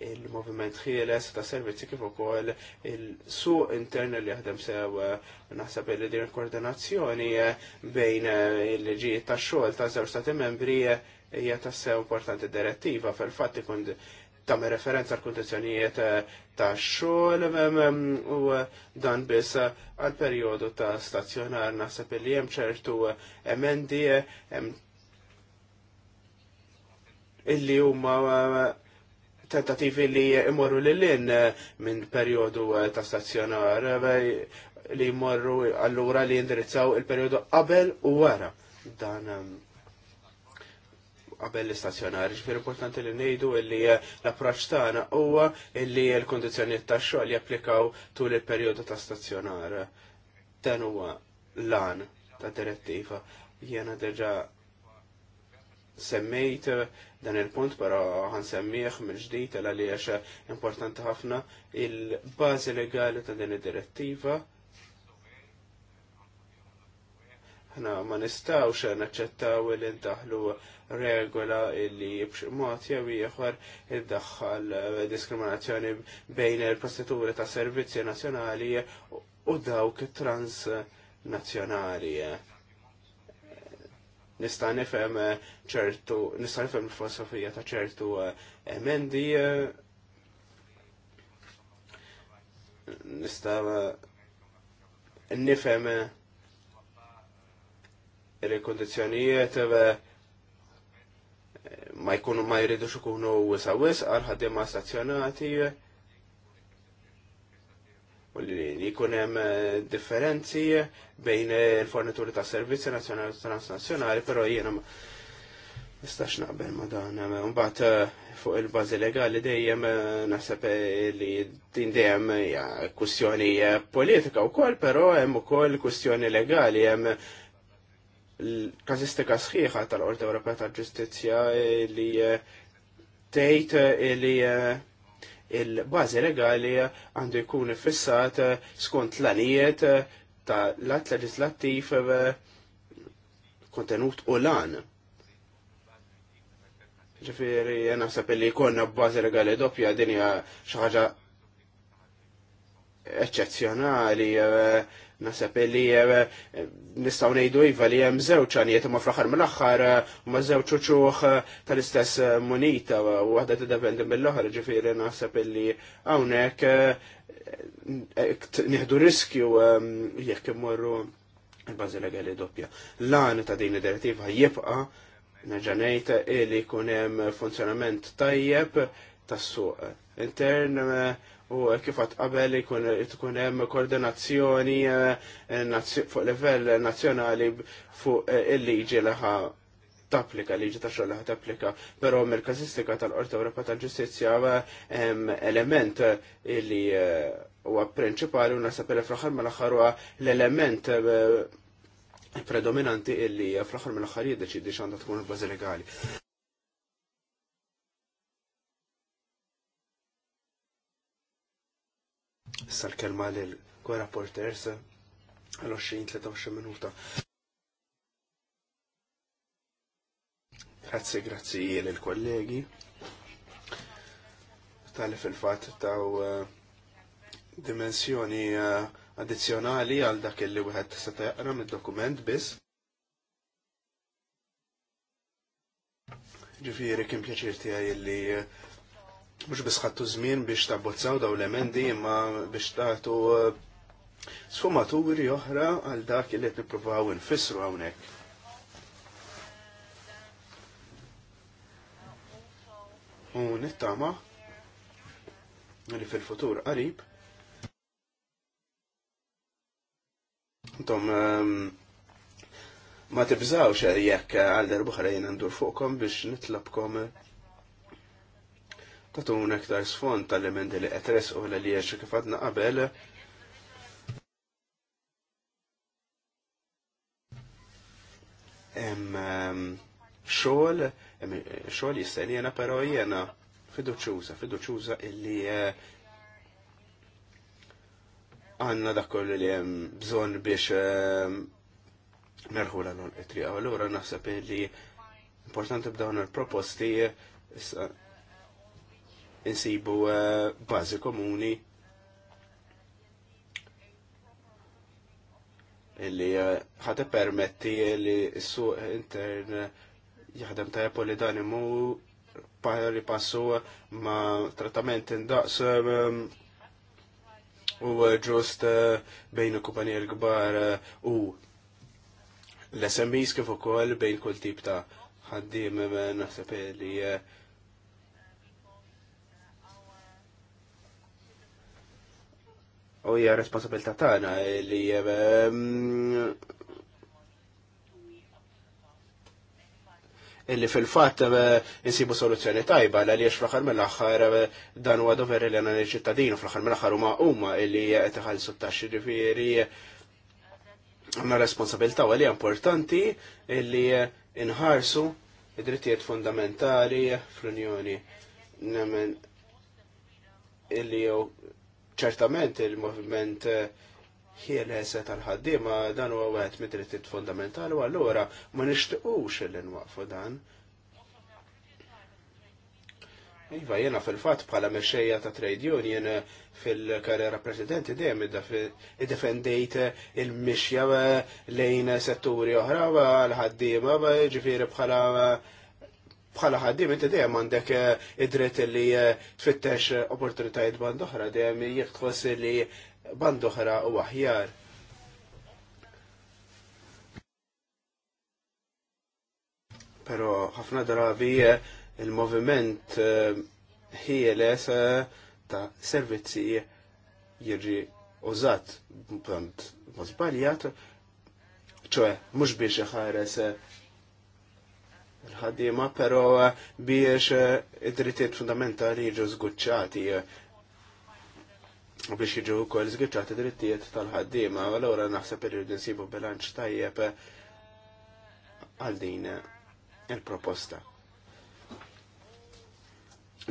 il-moviment ħieles ta' servizzi kif ukoll il-suq intern li jaħdem sew naħseb li din koordinazzjoni bejn il-liġijiet tax xogħol ta' żewġ stati membri hija tassew importanti direttiva fil-fatt ikun tam referenza għal kondizjonijiet eh, ta' xogħol u eh, dan biss eh, għal perjodu ta' stazzjonar naħseb li hemm ċertu emendi illi huma tentativi li imorru l lin minn perjodu ta' stazzjonar li jmorru allura li jindirizzaw il-perjodu qabel u wara dan qabel l-istazzjonar. Ġifir importanti li ngħidu illi l-approċċ tagħna huwa illi l kondizjoniet tax-xogħol japplikaw tul il-perjodu ta' stazzjonar. Dan huwa lan ta' direttiva. Jiena deġa semmejt dan il-punt però għan semmiħ mill-ġdijt għal li għaxa importanti ħafna il-bazi legali ta' din id-direttiva. Ħna ma nistawx naċċettaw li ndaħlu regola illi b'mod jew ieħor iddaħħal diskriminazzjoni bejn il-prostituri ta' servizzi nazzjonali u dawk transnazzjonali. Nista' nifhem ċertu, nista' nifhem il-filosofija ta' ċertu eh, emendi eh, nista nifhem il kondizzjonijiet eh, ma jkunu ma jridu xukunu wisa wis għal ħaddiema stazzjonati u li jkun eh, differenzi bejn il-fornituri ta' servizzi nazjonali u transnazjonali, pero jena ma Nistax naqbel ma dan, mbagħad eh, fuq il bazi legali dejjem eh, naħseb li din dejjem hija kwistjoni politika wkoll, però hemm kol kustjoni legali hemm l-kazistika sħiħa tal-Qorti Ewropea tal-Ġustizzja li eh, tgħid eh, li eh, il-bażi legali għandu jkun ifissat skont l-għalijiet ta' l-att leġislattiv kontenut u lan. Ġifiri, naħseb li konna b'bażi legali doppja dinja xaħġa eccezjonali eh, nasab li eh, nistaw nejdu iva li jem zewċ għaniet ma fl-axar mill-axar eh, ma zewċ uċuħ tal-istess monita u għadda t-dependi mill-axar ġifiri nasab li għawnek nieħdu riskju jekk imorru il-bazi legali doppja. Lan ta' din id-direttiva jibqa neġanejt li kunem funzjonament tajjeb tas-suq intern u kif għat qabel ikun hemm koordinazzjoni eh, fuq livell nazzjonali fuq eh, il-liġi li ħa tapplika, liġi ta' xogħol ħa tapplika, però mill-kazistika tal-Qorti Ewropa tal-Ġustizzja hemm element eh, li huwa prinċipali u nasab li fl-aħħar mal-aħħar huwa l-element predominanti illi fl-aħħar mill-aħħar jiddeċidi x'għandha tkun il-bażi legali. sal-kelma l-korrapporters għal-20-23 minuta. Grazzi, grazzi l-kollegi Tali fil-fat taw eh, dimensjoni eh, addizjonali għal dak li wieħed seta' jaqra mid-dokument biss. Ġifieri kien pjaċirti. tiegħi li eh, mux biex ħattu żmien biex tabbozzaw daw l-emendi imma biex tagħtu uh, sfumaturi oħra għal dak li qed nippruvaw infissru hawnhekk. U nittama li fil-futur qarib Tom, um, ma tibżawx jekk għal darbuħra jena ndur fuqkom biex nitlabkom tatun ektar sfond tal-emendi li etres u li jiex kif għadna qabel. Em, xol, xol jistenjena, pero jena fiduċuża, fiduċuża illi eh, għanna dakoll li jem bżon biex eh, nerħu l-għalun it-triqa. Allura naħseb li importanti b'dawn il-proposti insibu eh, bażi komuni illi eh, ħate permetti illi s-suq intern jaħdem ta' li dan imu pari passu ma' trattament indaqs eh, u ġust bejn kumpanija l-kbar u l-SMBs kif ukoll bejn kull tip ta' ħaddim naħseb li u hija responsabilità tagħna li ehm, illi fil-fatt eh, insibu soluzzjoni tajba għaliex fl axar mill-aħħar eh, dan huwa doveri li għandna l-ċittadini fl axar mill-aħħar huma huma illi qed iħallsu t-taxxi ġifieri għandna responsabilità għalija importanti illi inħarsu id-drittijiet fundamentali fl-Unjoni. Nemmen illi jew ċertament il-moviment eh, se tal-ħaddiema dan huwa wieħed mid-drittijiet fundamentali u allura ma nixtiequx li nwaqfu dan. Iva, jena fil-fat bħala mexxejja ta' trade union eh, fil-karriera presidenti dejjem id-defendejt eh, il-mixja lejn setturi oħra għal ħaddiema ġifieri bħala bħala ħaddim inti dejjem għandek eh, id-dritt li eh, tfittex eh, opportunitajiet band oħra, dejjem jekk tħoss li band oħra u aħjar. Pero ħafna drabi il-moviment ħieles ta' servizzi jirġi użat b'mod żbaljat, ċoe mhux biex ħares l-ħaddiema, pero eh, biex eh, id drittiet fundamentali jiġu zgucċati. u eh, biex jiġu wkoll żguċċati drittiet tal-ħaddiema, għura naħseb irridu nsibu bilanċ tajjeb għal din il-proposta.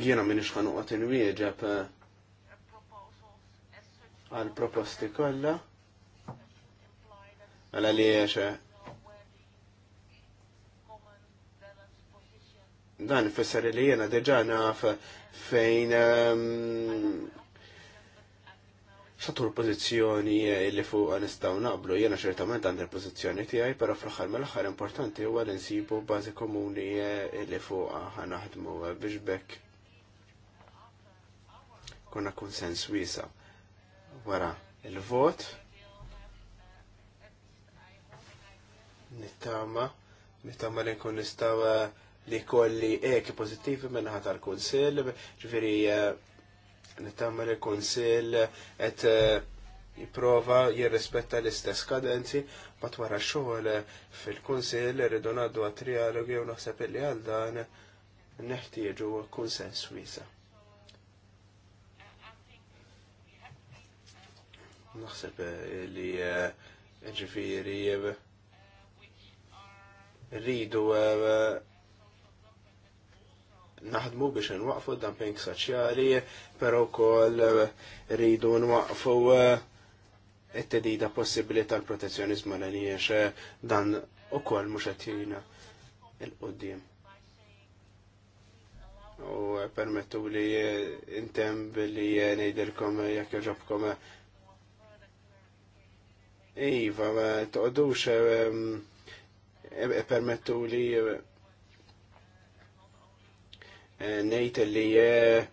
Jiena minix ħanuqat wieġab għal proposti kolla, għal għaliex Dan ifisser li jiena diġà naf fejn ehm, satur pozizjoni li fuq nistgħu naqblu jiena ċertament għandir l-pożizzjoni tiegħi, pero fl-aħħar mill-aħħar importanti huwa li nsibu bażi komuni eh, li fuq ħanaħdmu eh, biex bekk konna konsens wiesa wara il-vot nittama nittama li nkun nistawa eh, li kolli eki pozittivi minna ħatar konsil, ġviri eh, nittammer il-konsil et eh, jiprofa jirrispetta l-istess kadenzi, bat wara xogħol eh, fil-konsil rridu ngħaddu għat-trialogi u naħseb li għal dan neħtieġu konsens wiesa. Naħseb li ġifiri rridu naħdmu biex nwaqfu dumping soċjali, pero kol eh, rridu nwaqfu eh, it-tedida possibili tal-protezzjonizmu l għaliex eh, dan u kol muxatina il-qoddim. U permettu li intem billi nejdilkom jekk joġobkom Iva, t-għoddux e-, e-, permettu li nejt li eh,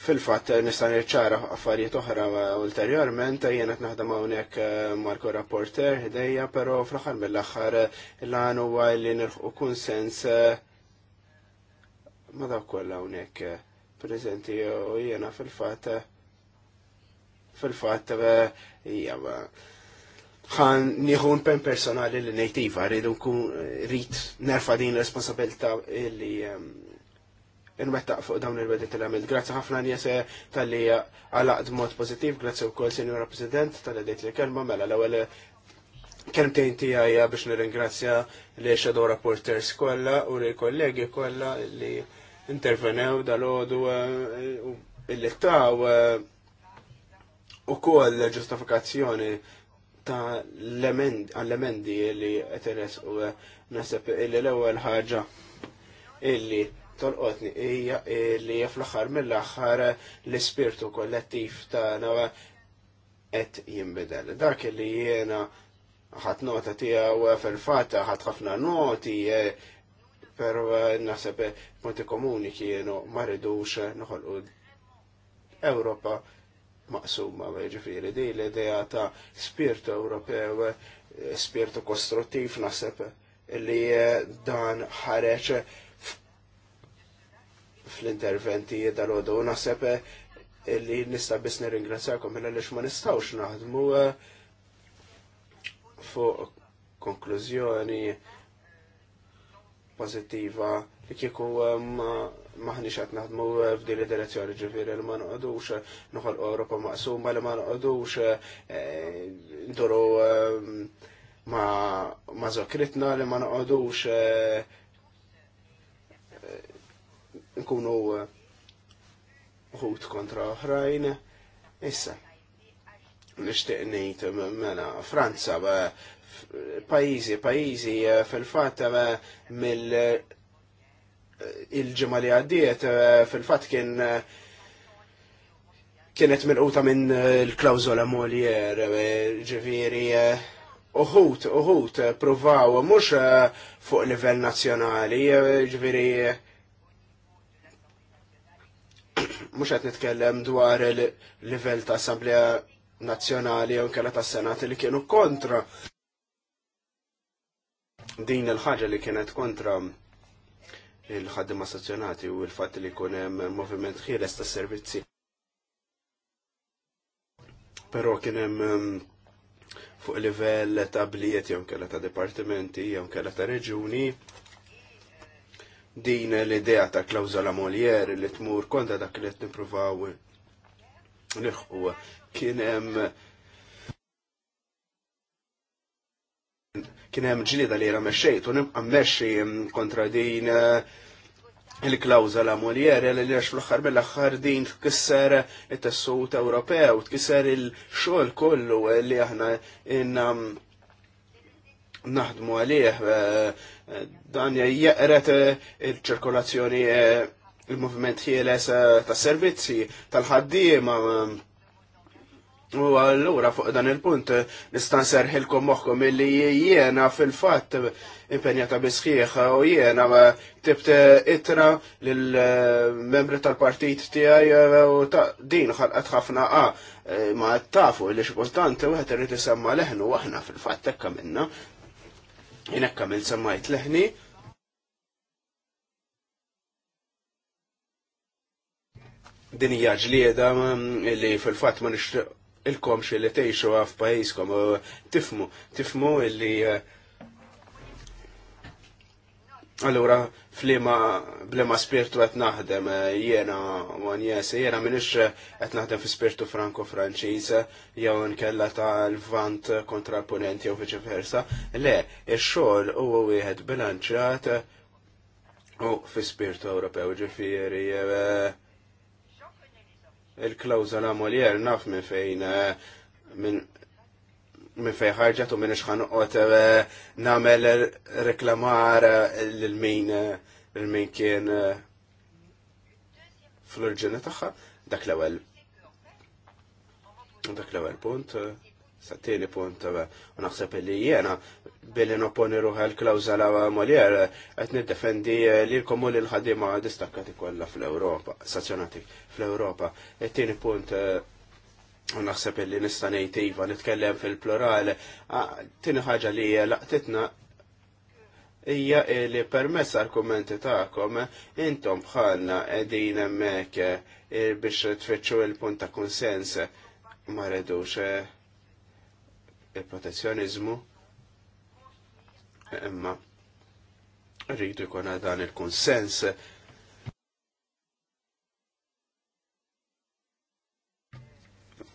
fil-fatt nista' nirċara affarijiet oħra ulterjorment jiena qed naħdem hawnhekk eh, Marko Rapporter ħdejja, però fl-aħħar mill-aħħar l-għan huwa li nirħu kunsens eh, ma dawk kollha hawnhekk preżenti u jiena fil-fatt fil-fatt jaba ħan nieħun pen personali li nejtiva, rridu kun rrit nerfa din l-responsabilta li nwettaq fuq dawn il bedit li għamil Grazzi ħafna njese tal-li għalaqt mod pozittiv, grazzi u kol Senjora President tal-li dejt li kelma mela l għal kelmtejn għajja biex nir-ingrazzja li xadu Reporters kolla u li kollegi kolla li intervenew dal-ħodu u eh, il-littaw eh, u kol ġustifikazzjoni ta' l-emendi li għetenes u eh, nasib illi l-ewel ħagġa illi tolqotni hija li fl-aħħar mill-aħħar l-ispirtu kollettiv tagħna qed jinbidel. Dak li jiena ħadd nota tiegħu fil-fatt ħadd ħafna noti però naħseb punti komuni kienu ma rridux noħolqu Ewropa maqsuma, ġifiri, di l-idea ta' spirtu Ewropew, spirtu kostruttiv naħseb li dan ħareċ fl-interventi dal-għodu naħseb eh, li nista biss nirringrazzjakom mela lix ma nistawx naħdmu eh, fuq konklużjoni pozittiva li kieku eh, maħniex qed naħdmu f'din id-direzzjoni ġifiri li ma noqogħdux noħol Europa maqsuma li ma noqogħdux nduru ma zokritna li ma noqogħdux nkunu eh, uħut kontra oħrajn. Issa, nishtiq nejt mena Franza, pajizi, pajizi eh, fil-fat eh, mill il ġemali li għaddiet fil-fat kien kienet mill-quta minn il-klawzola Molier ġiviri uħut, uħut, provaw, mux fuq livell nazjonali, ġviri mhux qed nitkellem dwar il-livell ta' Assemblea Nazzjonali jew kella tas Senat li kienu kontra din il-ħaġa li kienet kontra il-ħaddima assozjonati u l fat li jkun hemm moviment ħieles tas servizzi. Però kien hemm mm, fuq livell ta' bliet jew kella ta' dipartimenti jew kella ta' reġuni din l-idea ta' klawzola Molier li tmur konta dak li t-nipruvaw nirħu kienem kienem ġlida li jera meċċejt u nibqa meċċi kontra din eh, il-klawzola Molier li li fl-axar mill-axar din tkisser it-tessut Ewropew, tkisser il-xol kollu li aħna innam naħdmu għalih eh, eh, dan jaqret eh, il-ċirkolazzjoni il-movement ħieles ta' servizzi tal-ħaddiema u allura fuq dan il-punt nistan serħilkom moħkom illi jiena fil-fatt impenjata bisħiħ u jiena tibt itra lill-membri tal-partit tiegħi u ta' din ħalqat ħafna a ah, ma tafu li xikultant u għet irrit isemma leħnu u aħna fil-fatt tekka minna Inekka minn semmajt leħni. Din li ġlieda mm, li fil-fatt ma il-kom xe li teħxu għaf pajiskom, tifmu, tifmu illi. Eh, allora, flima blema spirtu qed naħdem eh, jiena għan jesi jiena minix eh, qed naħdem fi spirtu franco-franċiż jew nkella tal-vant kontra l jew vice versa. Le, ix-xogħol huwa wieħed bilanċjat eh, u fi spirtu Ewropew ġifieri il-klawżola molier naf minn fejn minn minn fej ħarġet u minn xħan uqot eh, namel reklamar eh, l-min eh, l-min kien fl-orġini taħħa dak l-ewel dak l-ewel punt sattini punt u naħseb li jena billi nopponi ruħa l la Molier qed niddefendi li l-komuni l-ħadima distakkati kollha fl-Ewropa, stazzjonati fl-Ewropa. it punt U naħseb illi nista' ngħid iva nitkellem fil-plural. Ah, Tieni ħaġa li laqtitna hija li permess argumenti tagħkom intom bħalna qegħdin hemmhekk eh, biex tfittxu il-punt ta' konsens ma redux eh, il-protezzjonizmu imma rridu jkun dan il-konsens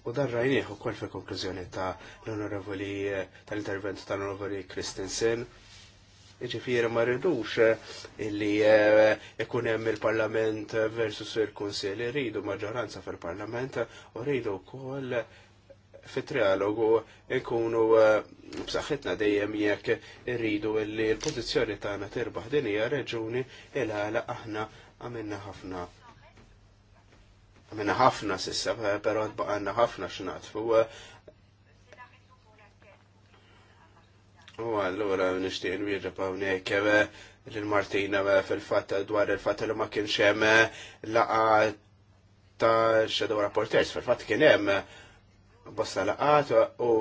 U dan rajnieħ u kol konklużjoni ta' l-onorevoli eh, tal-intervent tal-onorevoli Christensen. Ġifiri ma rridux eh, illi eh, ikun hemm il-Parlament versus il konsil rridu maġġoranza fil-Parlament u rridu wkoll fit-trialogu ikunu b'saħħitna dejjem jekk irridu illi l-pożizzjoni tagħna terbaħ din hija reġuni il aħna għamilna ħafna għamena ħafna sissa, pero għanna ħafna xnaħt. U għallura nishtiq nwirġa pawnek eh, l-Martina eh, fil-fat dwar il-fat li ma kienx hemm eh, laqa ta' Shadow Rapporters fil-fat kien hemm bosta laqat u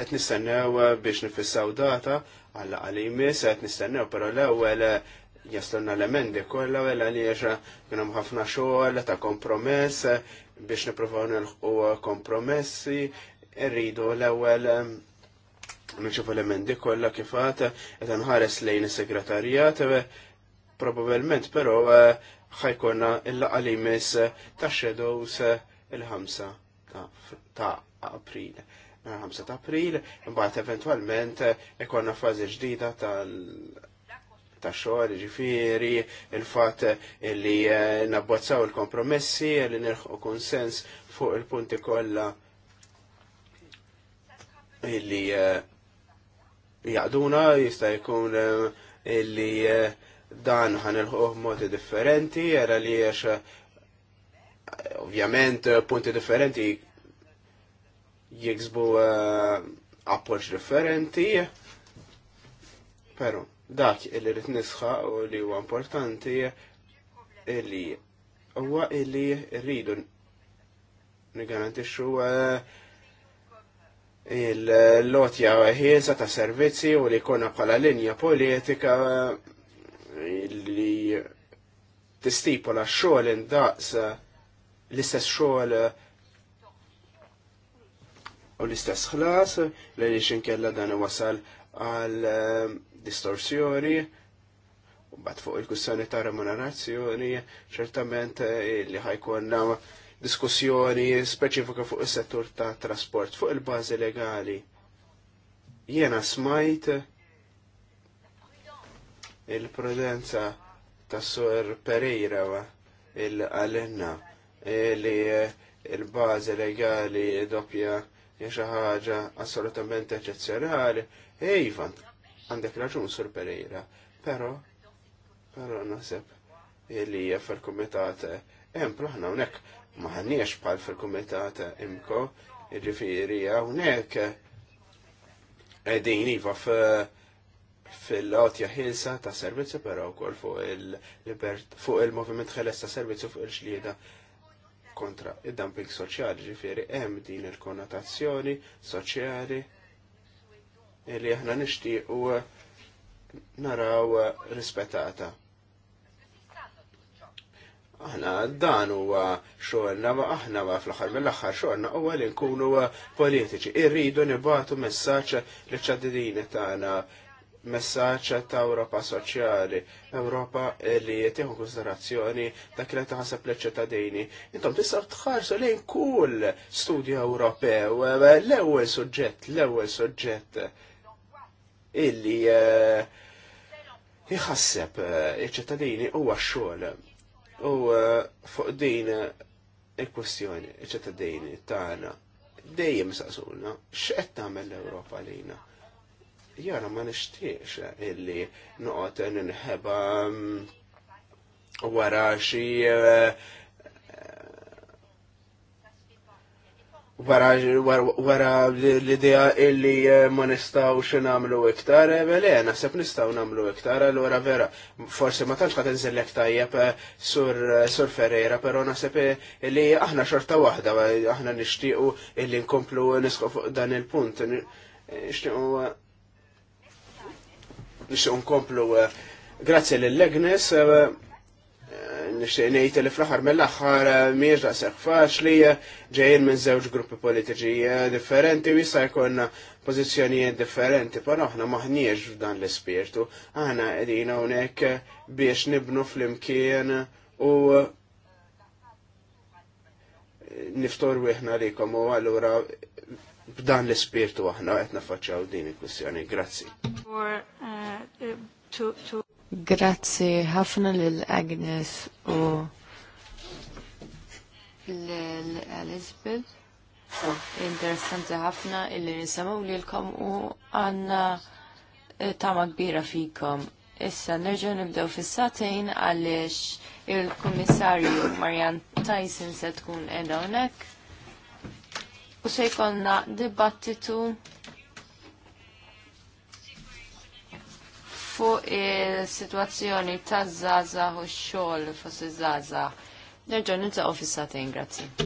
qed nistennew biex nifissaw data għal laqa li jmiss qed nistennew però l-ewwel jastanna l-emendi kolla għella li jaxa kunem ħafna xoħal ta' kompromess biex niprofaw nilħu kompromessi rridu l-ewel eh, nċifu l-emendi kolla kifat et nħares lejn il-segretarijat eh, probabilment pero eh, ħajkonna il-qalimis ta' shadows il-ħamsa ta' april. Il-ħamsa ta' april, imbagħad eventwalment ikonna fażi ġdida tal ta' xogħol, ġifieri il-fatt li eh, nabbozzaw il-kompromessi li nirħu konsens fuq il-punti kollha li eh, jaqduna jista' jkun eh, li dan il-ħuħ modi differenti, era li jax ovvjament punti differenti jiksbu approċ differenti, pero dak illi rrit nisħa u li huwa importanti illi huwa illi rridu nigarantixxu eh, il-lotja ħiesa ta' servizzi u li jkunna bħala linja politika eh, li tistipula xogħol indaqs l-istess xogħol u l-istess ħlas li xinkella dan wasal għal eh, distorsjoni, u bat fuq il-kussjoni ta' remunerazzjoni, ċertament eh, li ħajkonna diskussjoni speċifika fuq is-settur ta' trasport, fuq il-bażi legali. Jiena smajt il-prudenza ta' Sur Pereira il-għalenna eh, li eh, il-bazi legali doppja xi ħaġa assolutament eċezzjonali, ejvan, għandek raġun sur Pereira, pero, pero naħseb li fil-komitat emplu eh, ħna unek maħanniex pal fil-komitat eh, imko, ġifiri unek eh, edin iva fil-lotja ħilsa ta' servizzi pero kol fuq il fuq il-moviment ħeles ta' servizzi fuq il-ġlieda kontra id-dumping soċjali ġifiri hemm din il-konnotazzjoni soċjali Illi aħna nixtiequ eh, naraw eh, rispettata. Aħna dan huwa xogħolna ma aħna wa fl-aħħar mill-aħħar xogħolna huwa li nkunu eh, politiċi. Irridu nibatu messaġġ li ċaddidini tagħna messaċ ta' Ewropa soċjali, Ewropa li tieħu konsiderazzjoni ta' kien taħseb l-ċittadini. Intom tistgħu tħarsu lejn kull studju Ewropew, l-ewwel suġġett, l-ewwel suġġett illi jħasseb eh, eh, iċ-ċittadini huwa għaxxol xogħol u eh, fuq din il-kwestjoni iċ-ċittadini tagħna dejjem saqsuna x'qed tagħmel l-Ewropa lina. Jara ma nixtieqx illi noqgħod ninħeba mm, wara xi wara wara l-idea illi eh, ma nistaw nagħmlu iktar, eh, le, naħseb nistgħu nagħmlu iktar, allura vera, forsi ma tantx qed inżellek tajjeb eh, sur Ferreira, però naħseb illi aħna xorta waħda, aħna nixtiequ illi nkomplu nisqu fuq dan il-punt, nixtiequ nkomplu grazzi lill-Legnes nishtiq ngħid li fl-aħħar mill-aħħar eh, mhijiex daqshekk faċli eh, ġejjin minn żewġ gruppi politiċi eh, differenti u jista' jkollna pożizzjonijiet differenti, però aħna maħniex f'dan l-ispirtu. Aħna qegħdin hawnhekk biex nibnu flimkien u niftor wieħna likom u allura b'dan l-ispirtu aħna qed nafaċċaw din il kwissjoni Grazzi. Grazzi ħafna lil Agnes u l-Elizabeth. Interessanti ħafna illi nisamaw lilkom u għanna eh, tama kbira fikom. Issa nerġaw nibdew fis-satejn għaliex il-Kummissarju Marjan Tyson se tkun edawnek. hawnhekk u se jkollna dibattitu fuq il-situazzjoni ta' zaza u xol fos iż-żaza. Nerġgħu niltaqgħu fis